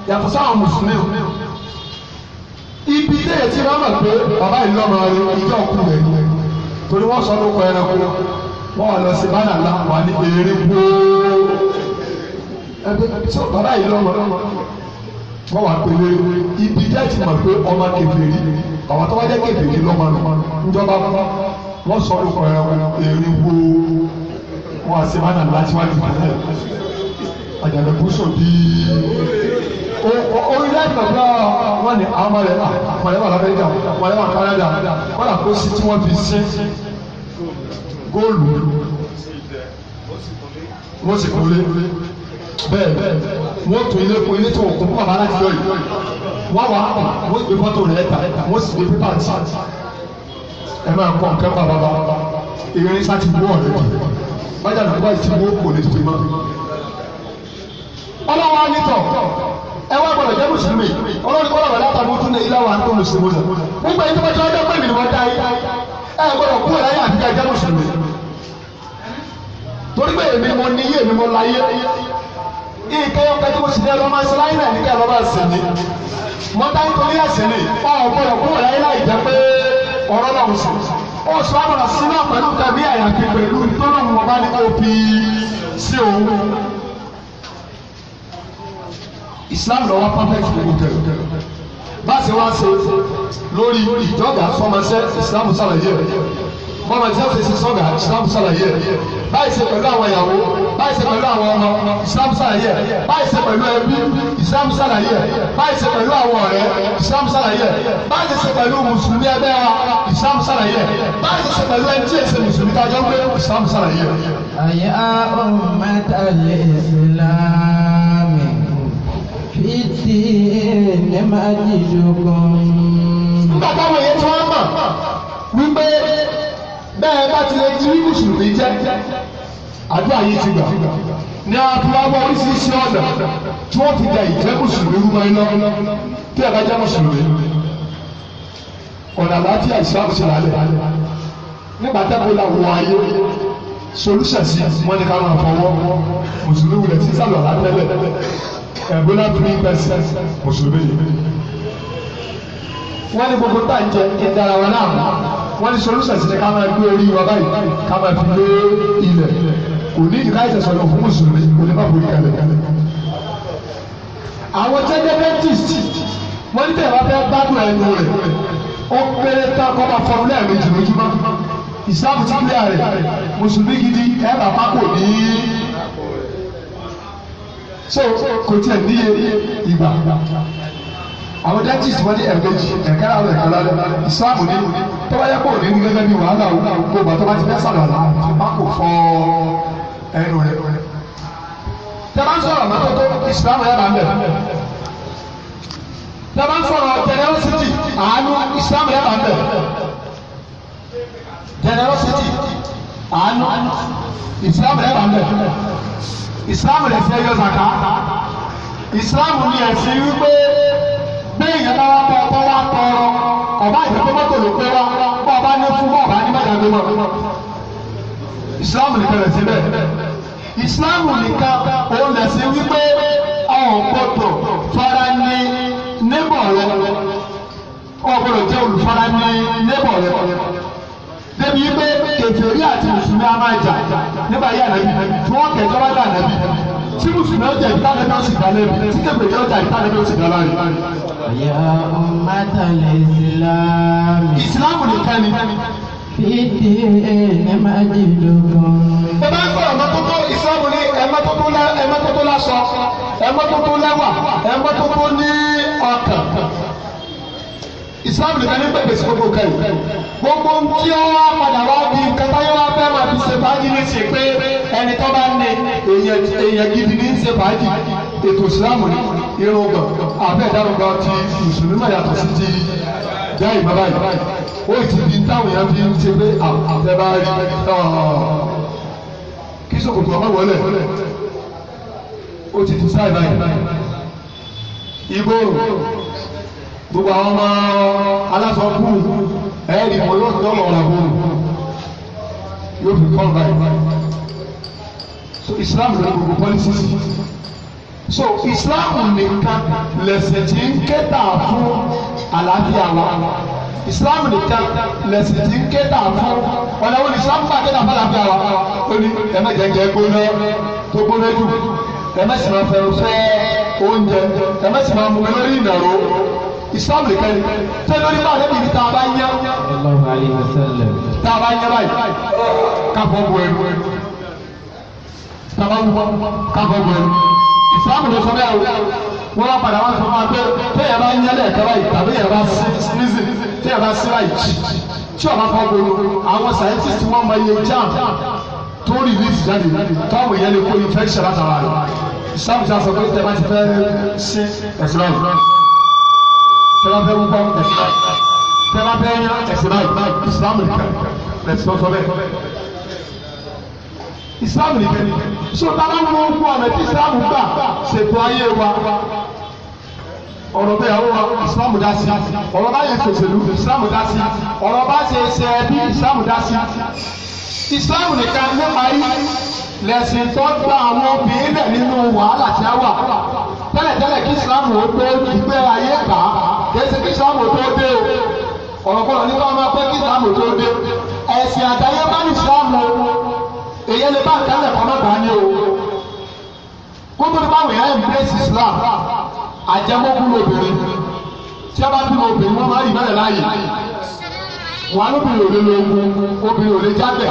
yàtọ̀ sáwọn mùsùlùmí o ibi tẹ́ ẹ ti máa mọ̀ pé bàbá yìí lọ́mọ rẹ ìjọ kú rẹ torí wọ́n sọ lóko ẹranko wọ́n lọ sí bánà ńlá wà ní eré gbóó ẹbí sọ bàbá yìí lọ́mọ wọ́n wà pélé ibi tẹ́ ẹ ti mọ̀ pé ọmọ kèfèrí àwọn tó bá jẹ́ kèfèrí lọ́mọ rẹ ńjọba fún wọ́n sọ lóko ẹranko eré gbóó wọ́n àti bánà ńlá tí wọ́n ti àjàdà bùsùn bíi orílẹ̀ ìgbàgbọ́ wọn ni àwọn ọmọlẹ̀ ah, àpọ̀lẹ́wà lamẹ́ríkà àpọ̀lẹ́wà kánádà kọ́là kó sí tí wọ́n fi sí góòlù wọ́n sì kúlé bẹ́ẹ̀ wọ́n tún ilé kó ilé tó kún fún bàbá láti yọrí wọ́n wà á wọ́n gbé mọ́tò rẹ̀ ta wọ́n sì gbé pépà tì ẹ máa kọ́ nǹkan bàbá bàbá ìrìn sá ti wú ọ̀rẹ́ bàjẹ́ àná báyìí ti wú kò lè ti mọ́ ọlọ́wọ́ á nítọ̀ ẹ wá gbọ́dọ̀ jẹ́ mùsùlùmí ọlọ́run kọ́ lọ́wọ́ látàbí ojú ilé àwọn àti olùsìnwó lọ. nígbà yìí tó bá jẹ́ ọjọ́ pé ènìyàn dá yìí ẹ gbọ́dọ̀ kú ẹ̀rọ ayé àtijọ́ jẹ́ mùsùlùmí. torí pé èmi mo ní èmi mo láyé ìkẹ́ yọ kẹ́tí mo sì ní ẹ̀rọ máa ṣe láyé náà nígbà ẹ̀rọ máa ṣe ní. mo dá nítorí ẹ̀sìn ni ọ gbọ́dọ̀ kú ẹ̀rọ ayé láì jẹ́ pé ọ̀rọ̀ náà ń sùn. ó sọ àbọ̀dọ̀ sí náà pẹ̀lú tàbí àyàfi pẹ̀lú ìtọ́nà mọ̀ bá ní kó fi sí òun. Islam lọ wá perfect gbogbo tẹ bá a ṣe wá ṣe lórí ìjọba fọmọṣẹ Islam ṣàlàyé rẹ fọmọṣẹ fèsì sọgà Islam ṣàlàyé rẹ báyìí ṣe pẹ̀lú àwọn ìyàwó báyìí ṣe pẹ̀lú àwọn ọmọ Islam ṣàlàyé rẹ báyìí ṣe pẹ̀lú ẹbí Islam ṣàlàyé rẹ báyìí ṣe pẹ̀lú àwọn ọ̀rẹ́ Islam ṣàlàyé rẹ báyìí ṣe pẹ̀lú mùsùlùmí ẹgbẹ́ wa Islam ṣàlàyé rẹ báyìí ṣe pẹ̀lú ẹni tí èsè mùsùlùmí kájọ gbé Islam ṣàlàyé àyà ọmọ tàlẹ́ ìsìlámù fi ti ilẹ̀ máa di ìjọkan. nígbà táwọn èèyàn tí wọ́n mọ̀ wípé bẹ́ẹ̀ bá ti lè ti rí mùsùlùmí jẹ́ àdúrà yìí ti gbà ní àtúwáwá oríṣiríṣi ọ̀nà tí wọ́n fi da ìjẹ́ mùsùlùmí rúbọ iná tí ẹ̀ka jẹ́ mùsùlùmí ọ̀nà àlàáfíà ìsìlámù sí lálẹ́ nígbà tẹ́kọ̀ọ́ la wọ ayé solution sí wọ́n ní ká máa fọwọ́ mùsùlùmí wulẹ̀ sísàlọ̀ látẹ́lẹ̀ ẹ̀bùnà three percent mùsùlùmí yìí. wọ́n ní gbogbo tá à ń jẹ ìdára wa náà wọ́n ní solúsẹ̀ sí ni ká máa gbé orí wa báyìí ká máa fi lé ilẹ̀ kò ní ìdíkà ìṣẹ̀sọ̀ lọ fún mùsùlùmí kò ní má borí kalẹ̀ kalẹ̀. àwọn tẹ́jẹ́ dentist wọ́n ní bẹ́ẹ̀ wá fẹ́ gbádùn ẹnu rẹ̀ ó kéré tán kọ́ máa fọ́ lẹ́ẹ̀mejì lójúmọ́ ìsáàbù ti kílẹ̀ rẹ̀ mùsùlùmí gidi ẹ̀ bàbá kò ní í so kò tiẹ̀ níye ìgbà àwọn dentist wọn ní ẹ̀ẹ́dẹ́jì ẹ̀ka àwọn ẹ̀ka lálẹ́ ìsìláàmù ní tọ́ba yẹ kó ní gẹ́gẹ́ bí wàhálà òkú ọba tọ́ba ti fẹ́ sàlọ́lá má kò fọ ẹnu rẹ. tẹ́lá ń sọ̀rọ̀ mọ́tótó ìsìláàmù yàrá ń bẹ̀. tẹ́lá ń sọ̀rọ̀ generosity àánú ìsìláàmù yàrá ń bẹ̀. generosity àánú ìsìláàmù yàrá ń bẹ̀ ìsìláàmù lè fi ẹyọ zàká ìsìláàmù ni ẹ̀sìn wípé bẹ́ẹ̀ yẹn bá wá bọ́ ọkọ́ wá tọrọ ọba ìfẹ́ mọ́tò ló pé wá bọ́ ọba ní fún bọ́ ọba ní mẹ́ta gbé mọ́ ìsìláàmù nìkan lè sí bẹ́ẹ̀ ìsìláàmù nìkan òun lè sí wípé ọ̀hún gbọ́dọ̀ fara ní nébọ̀ rẹ ọ̀gbọ́dọ̀ jẹ́ olùfara ní nébọ̀ rẹ débi wípé kèfèrí àti mùsùlùmí á máa jà nígbà yà nàbí tí wọ́n kẹ̀ jọba dà nàbí tí mùsùlùmí ọjà ìtàlẹ́ náà sì dalẹ́ rẹ̀ tí kẹfẹ́ ọjà ìtàlẹ́ náà sì dalẹ́ rẹ̀. ya ummatal islam. ìsìlámù nìkan ni. fìdí ẹ̀ má jẹ́ lógún. ẹ bá ń sọ ọ̀nà tó tó ìsìlámù ní ẹ̀mọ́tótó lásọ ẹ̀mọ́tótó lẹ́wà ẹ̀mọ́tótó ní ọkàn islam nìkan ní bẹ̀rẹ̀ sí gbogbo kan yìí gbogbo ń tí ó wá padà wá di kẹtàyé wá fẹ́ máa fi ṣe fàájì ní ṣe pé ẹni tó bá ní èèyàn gidi ní ṣe fàájì ètò islam ní irun gbọ̀n àbẹ̀dárúgbà ti mùsùlùmí náà yàtọ̀ sí ti jáì bàbá yìí ó ti di táwọn èèyàn fi ń ṣe pé àtẹ̀bá rí kí sòkòtò ọmọ wọlé ó ti di sáì báyìí Ibo gbogbo àwọn ọmọ aláṣọ kú ẹ̀ẹ́dì wọn yóò tọ́ lọ ọ̀rọ̀ àbúrò yóò fi kọ́ ọ̀rọ̀ báyìí so Islam ló gbogbo pọ́lísì sí so Islam nìkan lẹ̀sẹ̀ tí ń kẹ́tà fún àlàáfíà wa Islam nìkan lẹ̀sẹ̀ tí ń kẹ́tà fún ọ̀nà wo ni Islam fà kẹ́tà fún àlàáfíà wa ó ní ẹ̀mẹ́jẹ̀jẹ̀ gbóná tó gbóná jù ẹ̀mẹ́sì máa fẹ́ fẹ́ oúnjẹ ẹ̀mẹ́sì máa lórí ìnàró islam nìkan ni ṣé lórí bá àdébí tá a bá yá. tá a bá yá báyìí ká bu ẹnu tá a bá wú ká fọ́ bu ẹnu islam ló sọ bẹ́ẹ̀ wọ́n á padà wọ́n sọ fún wa pé téèyàn bá yá lẹ́ẹ̀kan báyìí tàbí yẹn bá sí nísì téèyàn bá sí báyìí jì tí ọba fọ́ bu ẹnu àwọn scientist wọn máa yẹ jam tó release jáde táwọn èèyàn lè kó infection látara rẹ̀ islam ti a sọ pé tẹ́ bá ti fẹ́ ṣe ẹ̀sìn náà tẹ́lábẹ́ wúkọ́ ẹ̀sìn báyìí tẹ́lábẹ́ ẹ̀sìn báyìí Islam nìkan ẹ̀sìn ọ̀sọ́ bẹ́ẹ̀ Islam nìkan so tàbá ń wọ́n kú ọ̀nà tí Islam gbà ṣètò ayé wa ọ̀rọ̀ bẹ́ẹ̀ ọ̀rọ̀ Islam dá sí ọ̀rọ̀ bá yẹ sòṣèlú Islam dá sí ọ̀rọ̀ bá ṣe ṣe ẹbí Islam dá sí Islam nìkan ló parí lẹ̀sìn tó gba àwọn obìnrin lẹ̀ nínú wàhálà tí a wà tẹ́lẹ̀tẹ́lẹ̀ kí Islam ó gbé ìgbé ayé kàá jẹ́sí kí sáàmù tó dé o ọ̀rọ̀kọ̀rọ̀ nípa ọmọ pé kí sáàmù tó dé ẹ̀sìn àdáyébá ní sáàmù èyí ẹni bá nǹkan lẹ̀kọ́ má bàa ní o kótó ní báwọn èèyàn embrace Islam àjẹmọ́kú ní obìnrin tí a bá bí obìnrin wọn máa rí mẹ́rẹ̀ láàyè wọn lóbìnrin ò lè lo ogun obìnrin ò lè jáde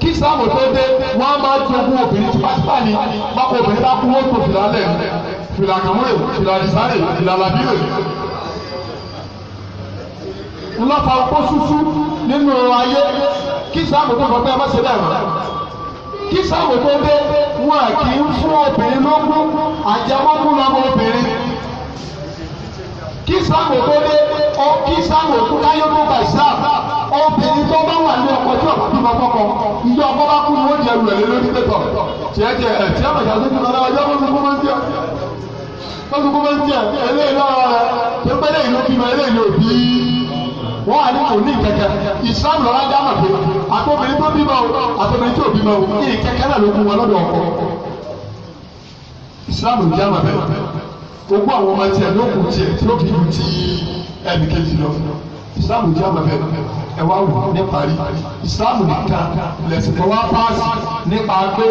kí Islam tó dé wọn á máa jogún obìnrin tipátipá ni bákan obìnrin bá kú wọn tó fìlà lẹ̀ fìlà kàmúrè fìlà dìsárè ńlọ́fà opó ṣúṣú nínú ayé kí sáàmù tó fọ pé ẹ má ṣe bẹ́ẹ̀ mọ́ kí sáàmù tó dé wọn à kì í fún obìnrin lógún àjẹmọ́gún lọ́mọ obìnrin kí sáàmù tó dé kí sáàmù tó láyé ló gba obìnrin tó bá wà ní ọkọ tí ọkọ tó bá fọkọ ìjọ ọkọ bá kú ni wọn jẹ ẹrù ẹ lórí pẹtọ tiẹ tiẹ ẹ tiẹ mọ ìyàtọ̀ tó lọ ọjọ́ mọ tó máa ń tiẹ mọ tó máa ń tiẹ eléyìí lọ́wọ́ rẹ tó gbẹ́lẹ́ ìlú bímọ eléyìí bíi wọ́n wà ní kò ní ìkẹ́kẹ́ islam lọ́la dáná pé àtọ́bìnrin tó bímọ o àtọ́bìnrin tó bímọ o ní ìkẹ́kẹ́ náà ló kún wọn lọ́dọ̀ ọkọ islam ló dáná bẹ́ẹ̀ gbogbo àwọn ọmọ tiẹ̀ ló kù tiẹ̀ tí ó kìí ẹnì kejì lọ islam ló dáná bẹ́ẹ̀ ẹ wá wù ní parí islam nìkan lẹ́sìn tó wá pàṣẹ nípa pé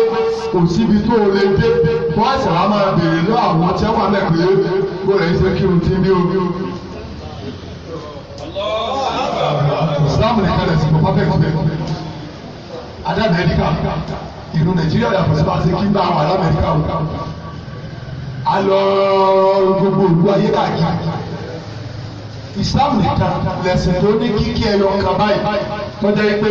kò síbi tó o lè dé wọ́n ṣàwọn máa béèrè lọ́wọ́ àwọn tí wọ́n wà náà pé bó lè ṣe kí n ti ní omi omi. Islam nìkan lẹ̀sìn kò kọ́kẹ́ kọ́kẹ́ adé Amẹ́ríkà ìlú Nàìjíríà yàtọ̀ sí pàṣẹ kí n bá wà lámẹ́ríkà o alọ gbogbo olú ayé káàkiri Islam nìkan lẹ̀sìn tó ní kíkí ẹyọ kan báyìí tọ́jà yìí pé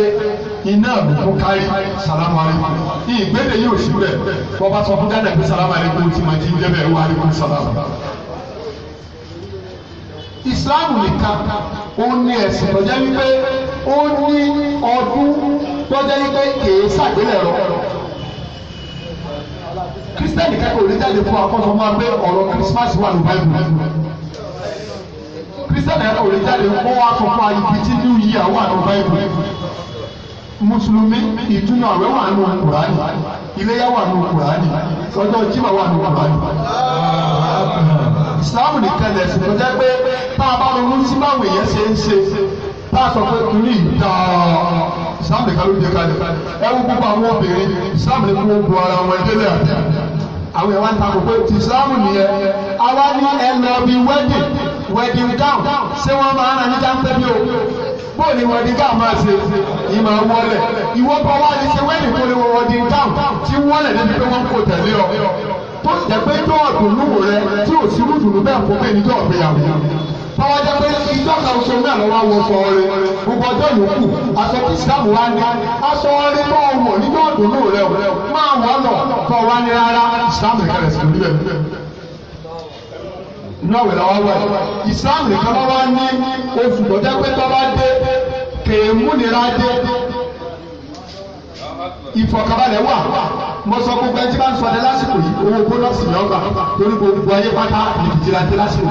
iná àbùkù kárí salamu alaykum ìgbélé yóò ṣubú rẹ̀ bọ́ba sọ fún dáadáa pé salamu alaykum ti máa ti ń jẹ́ bẹ́ẹ̀ wà alaykum salamu alaykum islam nìkan ó ní ẹ̀sìn tọ́jẹ́ wípé ó ní ọdún tọ́jẹ́ wípé kìí ṣàgbélẹ̀rọ kírísítẹ́nì kẹ́kọ̀ọ́ orí jáde fún akọ́sọ máa gbé ọ̀rọ̀ kírísímàsì wà ní báyìí kírísítẹ́nì kẹ́kọ̀ọ́ orí jáde fún wa sọ fún ibi tí new year wà ní báyìí mùsùlùmí ìdúnà àwẹ̀ wà ní kùránì iléyà wà ní kùránì ọjọ́ jímọ̀ wà ní kùránì islam nìkan lẹ̀sìn tó jẹ́ pé tá a bá ronú sí báwọn èèyàn ṣe ń ṣe tá a sọ pé kiri ìdáa islam nìkan ló dé kalẹ̀ ẹ wo gbogbo àwọn obìnrin islam nìkan ló bu ara wọn délé àti àwọn ìwà ń takò pé ti islam nìyẹn àwa ní ẹnlẹ́bí wedding wedding gown ṣé wọ́n máa ń ra ní jáńpẹ́ bí o bóòlù wedding gown máa ṣe yìí máa wọlé ìwọ́pọ̀ wa lè ṣe wedding kó lè wọ wedding gown tí níbi pé wọ́n kò tẹ̀lé ọ tó sì jẹ́ pé tó ọ̀dùnnú rẹ tí ò sí rúdùnú bẹ́ẹ̀ fún mi níjọ́ ọ̀gbéyàwó tọ́wọ́ jẹ́ pé ìjọ kan oṣù náà lọ́wọ́ wọ sọ ọrẹ gbogbo ọjọ́ yòókù aṣọ tí ìsìlámù wá ní aṣọ ọrẹ tó ń wọ̀ níjọ́ ọ̀dùnnú rẹ máa wọ̀ lọ tó wá ní rárá ìsìlámù ìkẹrẹ sí orí rẹ inú àwẹ̀ làwọn wà yìí ìsìlámù nìkan lọ́wọ́ ní oṣù tó jẹ́ pé tọ́wọ́ dé kèémù nira dé ìfọ̀kànbalẹ̀ wà mo sọ gbogbo ẹni tí bá ń sọ ọdẹ lásìkò yìí owó bónọ́ọ̀sì ni ọgbà torí gbogbo ayé pátá ní fìjìláńtì lásìkò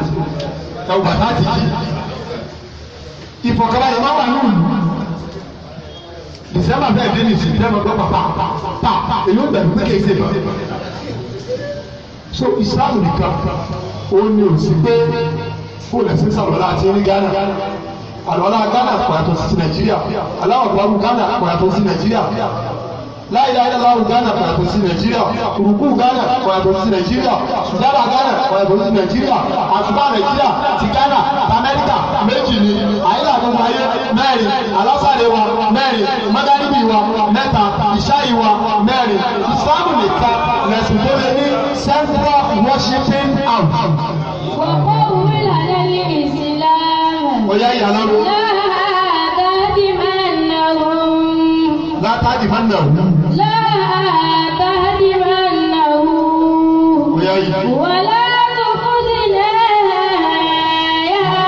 ẹwù bàtà ti yí ìfọ̀kànbalẹ̀ máa wà lóòlù ìsẹ́mbà bẹ́ẹ̀ dé ní ìsìn dẹ́mọ̀ gbọ́ pàpà pàpà èyí ó bẹ̀rù pé kéèké lọ. so Islam nìkan ó ní òsì pé fóònù ẹ̀sìn sàlọ́lá àti ní Ghana àlọ́lá Ghana kò yàtọ̀ sí Nàìjíríà aláwọ̀ gbàrú Ghana kò yàtọ̀ sí Nàìjíríà láìláì lọ́wọ́ Ghana kò yàtọ̀ sí Nàìjíríà kùrùkù Ghana kò yàtọ̀ sí Nàìjíríà sùdára Ghana kò yàtọ̀ sí Nàìjíríà àtúbà Nàìjíríà ti Ghana t'Amẹ́ríkà méjì ni àyílà tó máa yé mẹ́rin alásàlẹ̀ wa mẹ́rin mọ́gàdìbì wa mẹ́ta ìṣáyì wa mẹ́rin ìsìlámù nìkan lẹ́sìn tó lé ní central worshiping house. wọ́n kọ́ òwe lànà ní ìsìlámù. ọ̀yá ìyàlá ló. látàdí máa ń nà wọ́n. látàdí máa ń nà wọ́n. bóyá yìí. wọlé tó fún sí náà yàrá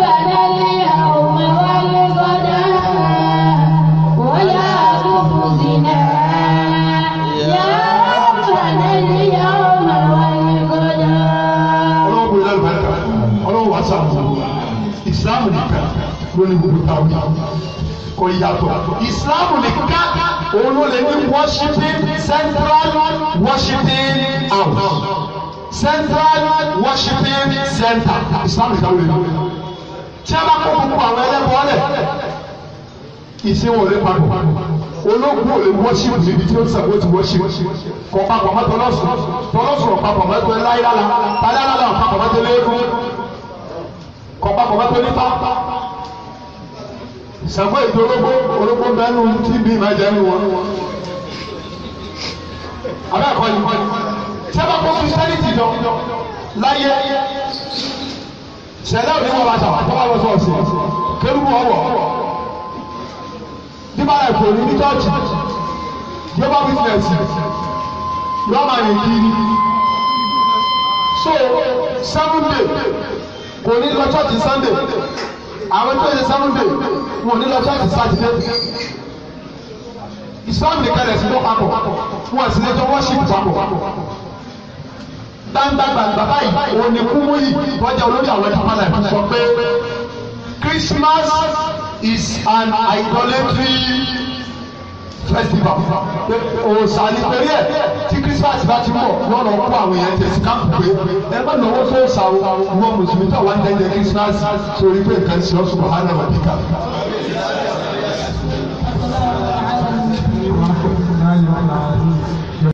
bàbá ní àwọn wálé gbọ́dọ̀ wọlé tó fún sí náà. Islam ni lórí gbogbo táwọn lè ní worshiping central worshiping house central worshiping center islam is awele tí a bá kó gbogbo àwọn ẹlẹ́bọ̀ rẹ̀ ìṣẹ́wọ̀n lè parọ́ ológun ò lè worship níbi tí ó ti sàgbó ti worship kò papọ̀ mọ́tò lọ́sùn tọ́lọ́sùn ọ̀pàpọ̀ mọ́tò láìlára tàdálára ọ̀pàpọ̀ mọ́tò léegun kò papọ̀ mọ́tò nípa sàgbó ètò ológun ológun bẹ́ẹ̀ nù tí bí ìmájẹ́ nù wọn. abẹ́ àkọ́yìn kọ́yìn sábà kó kristianity dán láyé sẹlẹ ò ní wọn bá sà wà tọ́wọ́ lọ́sọ̀ ọ̀sẹ̀ kérúbù ọwọ́ díbàrà èkó ní ní chọ́ọ̀chì global business lọ́mà yẹn kiri so seven day kò ní lọ church sunday àwọn tó yẹ seven day wọn ò ní lọ chọ́ọ̀chì saturday islam nìkan lẹ̀ sí lọ́pàá pọ̀ wọn sì lè jọ worship papọ̀ dáńdágbà bàbá yìí òní kúmú yìí lọ́jà olórí àwọn ẹ̀dá padà yìí sọ pé Christmas is an idolatry festival òòsàn nítorí ẹ tí Christmas bá ti mọ̀ wọ́n lọ kó àwọn èèyàn tẹ̀sí káàpù pé ẹ bá lọ́wọ́ tó sàwọ́ wọn mùsùlùmí tó wà ń dẹ́jẹ́ Christmas sórí pé nǹkan ṣe ọ̀ṣun wàhálà wà níta. Thank you.